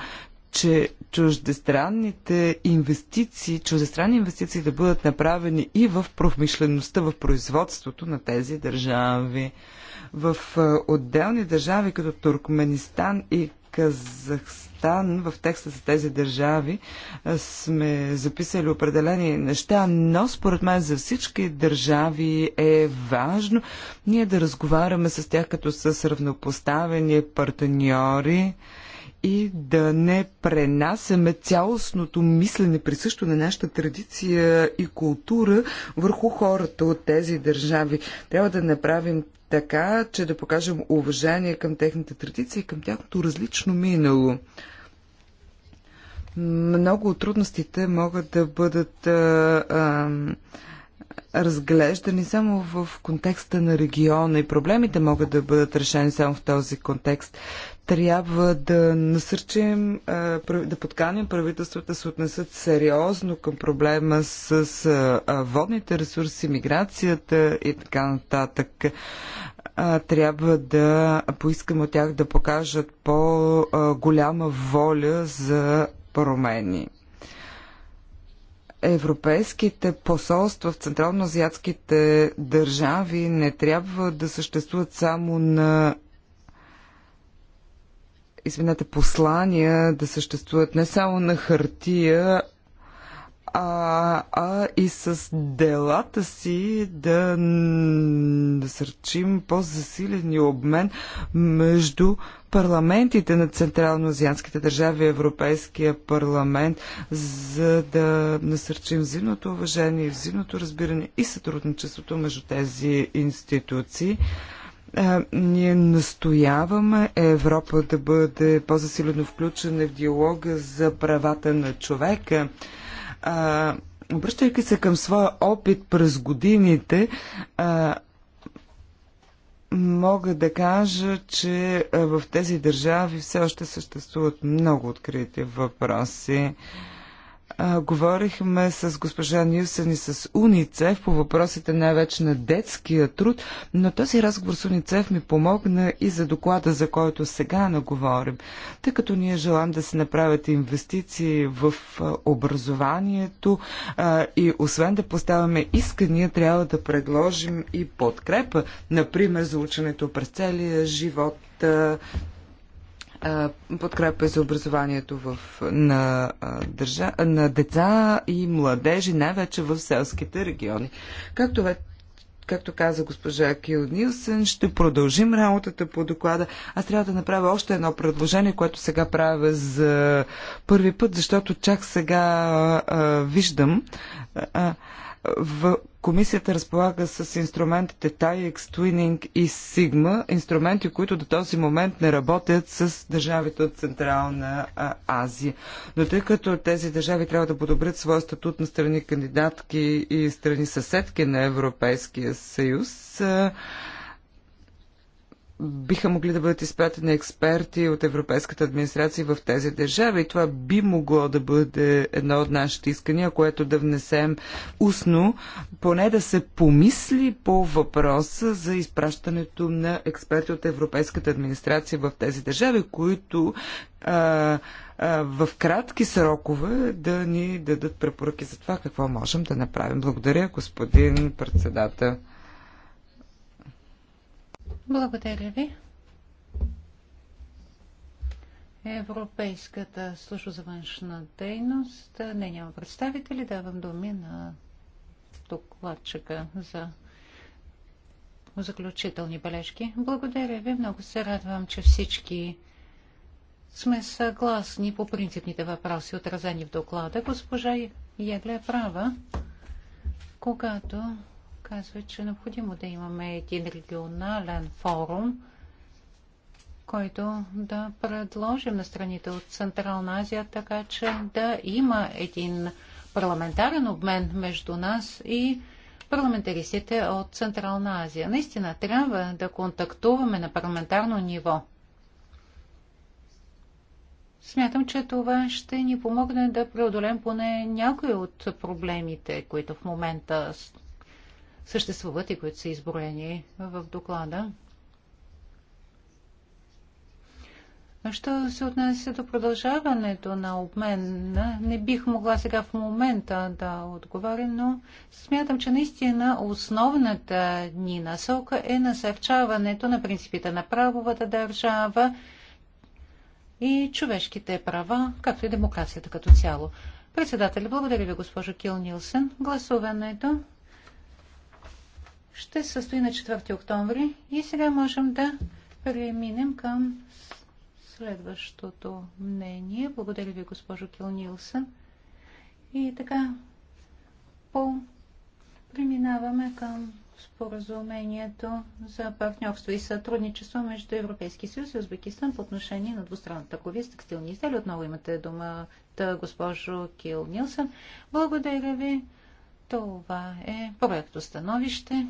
че чуждестранните инвестиции, чуждестранни инвестиции да бъдат направени и в промишлеността, в производството на тези държави. В отделни държави, като Туркменистан и Казахстан, места в текста за тези държави сме записали определени неща, но според мен за всички държави е важно ние да разговаряме с тях като с равнопоставени партньори и да не пренасяме цялостното мислене, присъщо на нашата традиция и култура върху хората от тези държави. Трябва да направим така, че да покажем уважение към техните традиции и към тяхното различно минало. Много от трудностите могат да бъдат а, а, разглеждани само в контекста на региона и проблемите могат да бъдат решени само в този контекст. Трябва да насърчим, да подканим правителствата да се отнесат сериозно към проблема с водните ресурси, миграцията и така нататък. Трябва да поискаме от тях да покажат по-голяма воля за промени. Европейските посолства в централноазиатските държави не трябва да съществуват само на извинете, послания да съществуват не само на хартия, а, а и с делата си да насърчим по-засиления обмен между парламентите на Централно-Азиатските държави и Европейския парламент, за да насърчим взаимното уважение, взаимното разбиране и сътрудничеството между тези институции ние настояваме Европа да бъде по-засилено включена в диалога за правата на човека а, обръщайки се към своя опит през годините, а, мога да кажа, че в тези държави все още съществуват много открити въпроси. А, а, говорихме с госпожа Нилсен и с Уницев по въпросите най-вече на детския труд, но този разговор с Уницев ми помогна и за доклада, за който сега наговорим, тъй като ние желаем да се направят инвестиции в образованието а, и освен да поставяме искания, трябва да предложим и подкрепа, например за ученето през целия живот, подкрепа за образованието в, на, държа, на деца и младежи, най-вече в селските региони. Както както каза госпожа Кил Нилсън, ще продължим работата по доклада. Аз трябва да направя още едно предложение, което сега правя за първи път, защото чак сега а, виждам. А, в комисията разполага с инструментите TAIEX, Twinning и Sigma, инструменти, които до този момент не работят с държавите от Централна Азия. Но тъй като тези държави трябва да подобрят своя статут на страни кандидатки и страни съседки на Европейския съюз, биха могли да бъдат изпратени експерти от европейската администрация в тези държави. И това би могло да бъде едно от нашите искания, което да внесем устно, поне да се помисли по въпроса за изпращането на експерти от европейската администрация в тези държави, които а, а, в кратки срокове да ни дадат препоръки за това какво можем да направим. Благодаря, господин председател. Благодаря ви. Европейската служба за външна дейност. Не няма представители. Давам думи на докладчика за заключителни бележки. Благодаря ви. Много се радвам, че всички сме съгласни по принципните въпроси, отразени в доклада. Госпожа Егле е права, когато казва, че е необходимо да имаме един регионален форум, който да предложим на страните от Централна Азия, така че да има един парламентарен обмен между нас и парламентаристите от Централна Азия. Наистина трябва да контактуваме на парламентарно ниво. Смятам, че това ще ни помогне да преодолем поне някои от проблемите, които в момента съществуват и които са изброени в доклада. Що се отнася до продължаването на обмен, не бих могла сега в момента да отговаря, но смятам, че наистина основната ни насока е насърчаването на принципите на правовата държава и човешките права, както и демокрацията като цяло. Председател благодаря ви, госпожо Кил Нилсен. Гласуването ще се състои на 4 октомври и сега можем да преминем към следващото мнение. Благодаря ви, госпожо Кил Нилсън. И така, по преминаваме към споразумението за партньорство и сътрудничество между Европейския съюз и Узбекистан по отношение на двустранната търговия с текстилни изделия. Отново имате думата, госпожо Кил Нилсън. Благодаря ви. Това е проекто становище.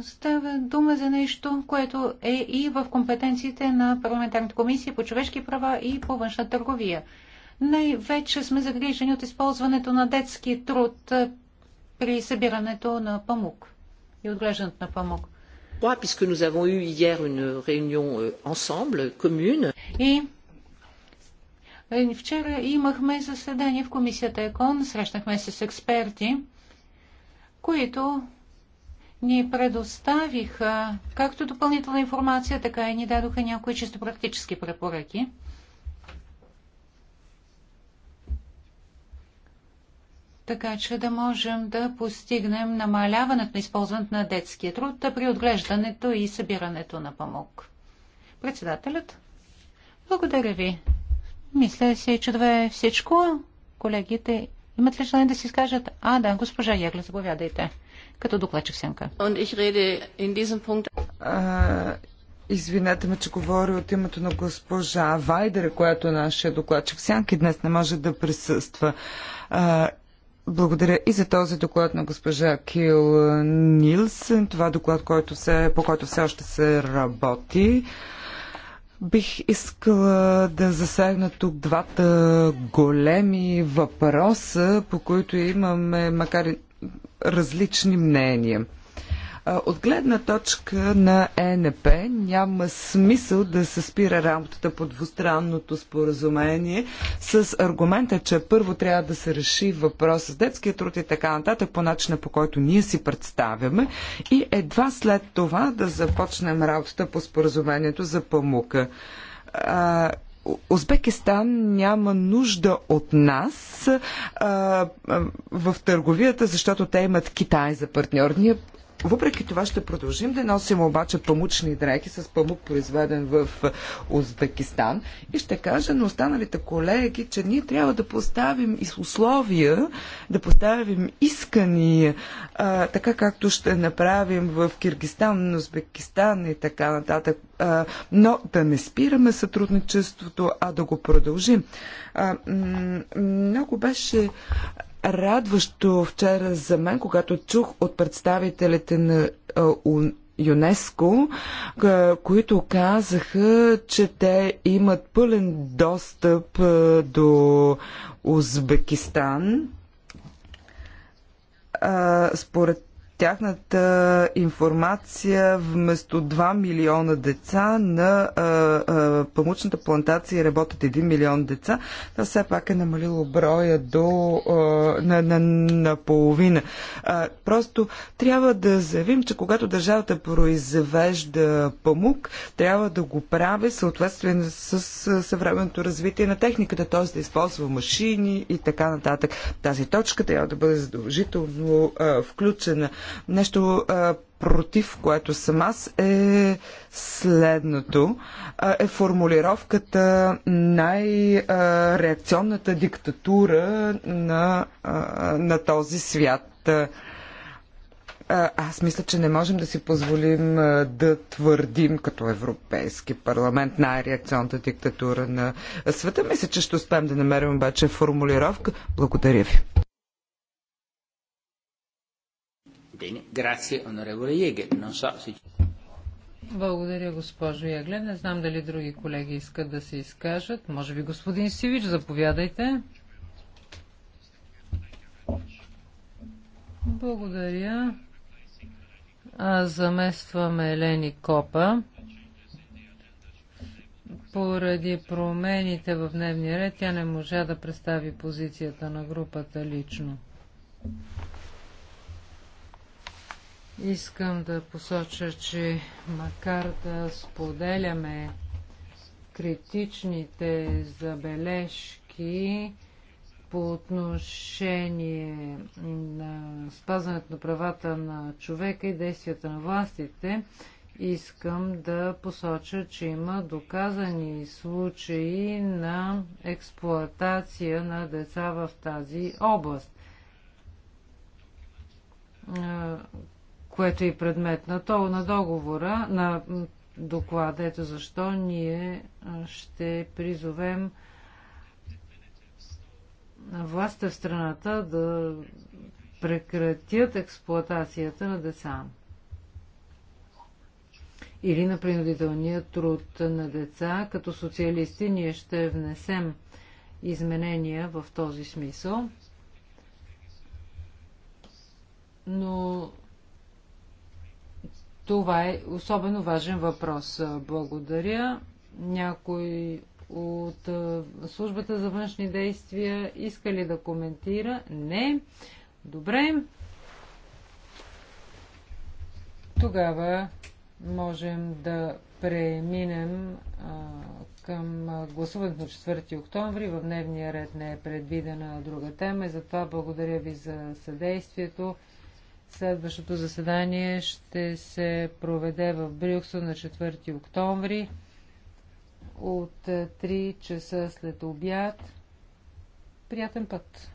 Става дума за нещо, което е и в компетенциите на парламентарната комисия по човешки права и по външна търговия. Най-вече сме загрижени от използването на детски труд при събирането на памук и отглеждането на памук. Puisque nous avons eu hier une réunion euh, ensemble, commune. И е, вчера имахме заседание в комисията ЕКОН, срещнахме се с експерти, които ни предоставиха както допълнителна информация, така и ни дадоха някои чисто практически препоръки. така че да можем да постигнем намаляването на използването на детския труд при отглеждането и събирането на памук. Председателят, благодаря ви. Мисля си, че това е всичко. Колегите имат ли желание да си скажат? А, да, госпожа Ягле, заповядайте като докладчик Сенка. Извинете ме, че говоря от името на госпожа Вайдера, която е нашия докладчик. Сянки днес не може да присъства. А, благодаря и за този доклад на госпожа Кил Нилсен. Това е доклад, който се, по който все още се работи. Бих искала да засегна тук двата големи въпроса, по които имаме, макар и различни мнения. От гледна точка на ЕНП няма смисъл да се спира работата по двустранното споразумение с аргумента, че първо трябва да се реши въпрос с детския труд и така нататък по начина по който ние си представяме и едва след това да започнем работата по споразумението за памука Узбекистан няма нужда от нас а, а, в търговията, защото те имат Китай за партньор. Ние въпреки това ще продължим да носим обаче памучни дрехи с памук, произведен в Узбекистан. И ще кажа на останалите колеги, че ние трябва да поставим условия, да поставим искания, а, така както ще направим в Киргистан, Узбекистан и така нататък. А, но да не спираме сътрудничеството, а да го продължим. А, много беше радващо вчера за мен, когато чух от представителите на ЮНЕСКО, които казаха, че те имат пълен достъп до Узбекистан. Според тяхната информация вместо 2 милиона деца на памучната плантация работят 1 милион деца. Това все пак е намалило броя до а, на, на, на половина. А, просто трябва да заявим, че когато държавата произвежда памук, трябва да го прави съответствие с съвременното развитие на техниката, т.е. да използва машини и така нататък. Тази точка трябва да бъде задължително а, включена. Нещо а, против, което съм аз, е следното. А, е формулировката най-реакционната диктатура на, а, на този свят. Аз мисля, че не можем да си позволим да твърдим като Европейски парламент най-реакционната диктатура на света. Мисля, че ще успеем да намерим обаче формулировка. Благодаря ви. Bene, grazie onorevole Jäger. Non so se... Благодаря, госпожо Ягле. Не знам дали други колеги искат да се изкажат. Може би господин Сивич, заповядайте. Благодаря. Аз замествам Елени Копа. Поради промените в дневния ред, тя не можа да представи позицията на групата лично. Искам да посоча, че макар да споделяме критичните забележки по отношение на спазването на правата на човека и действията на властите, искам да посоча, че има доказани случаи на експлоатация на деца в тази област което е и предмет на то на договора, на доклада. Ето защо ние ще призовем властта в страната да прекратят експлоатацията на деца или на принудителния труд на деца. Като социалисти ние ще внесем изменения в този смисъл. Но това е особено важен въпрос. Благодаря. Някой от службата за външни действия иска ли да коментира? Не. Добре. Тогава можем да преминем а, към гласуването на 4 октомври. В дневния ред не е предвидена друга тема и затова благодаря ви за съдействието. Следващото заседание ще се проведе в Брюксел на 4 октомври от 3 часа след обяд. Приятен път!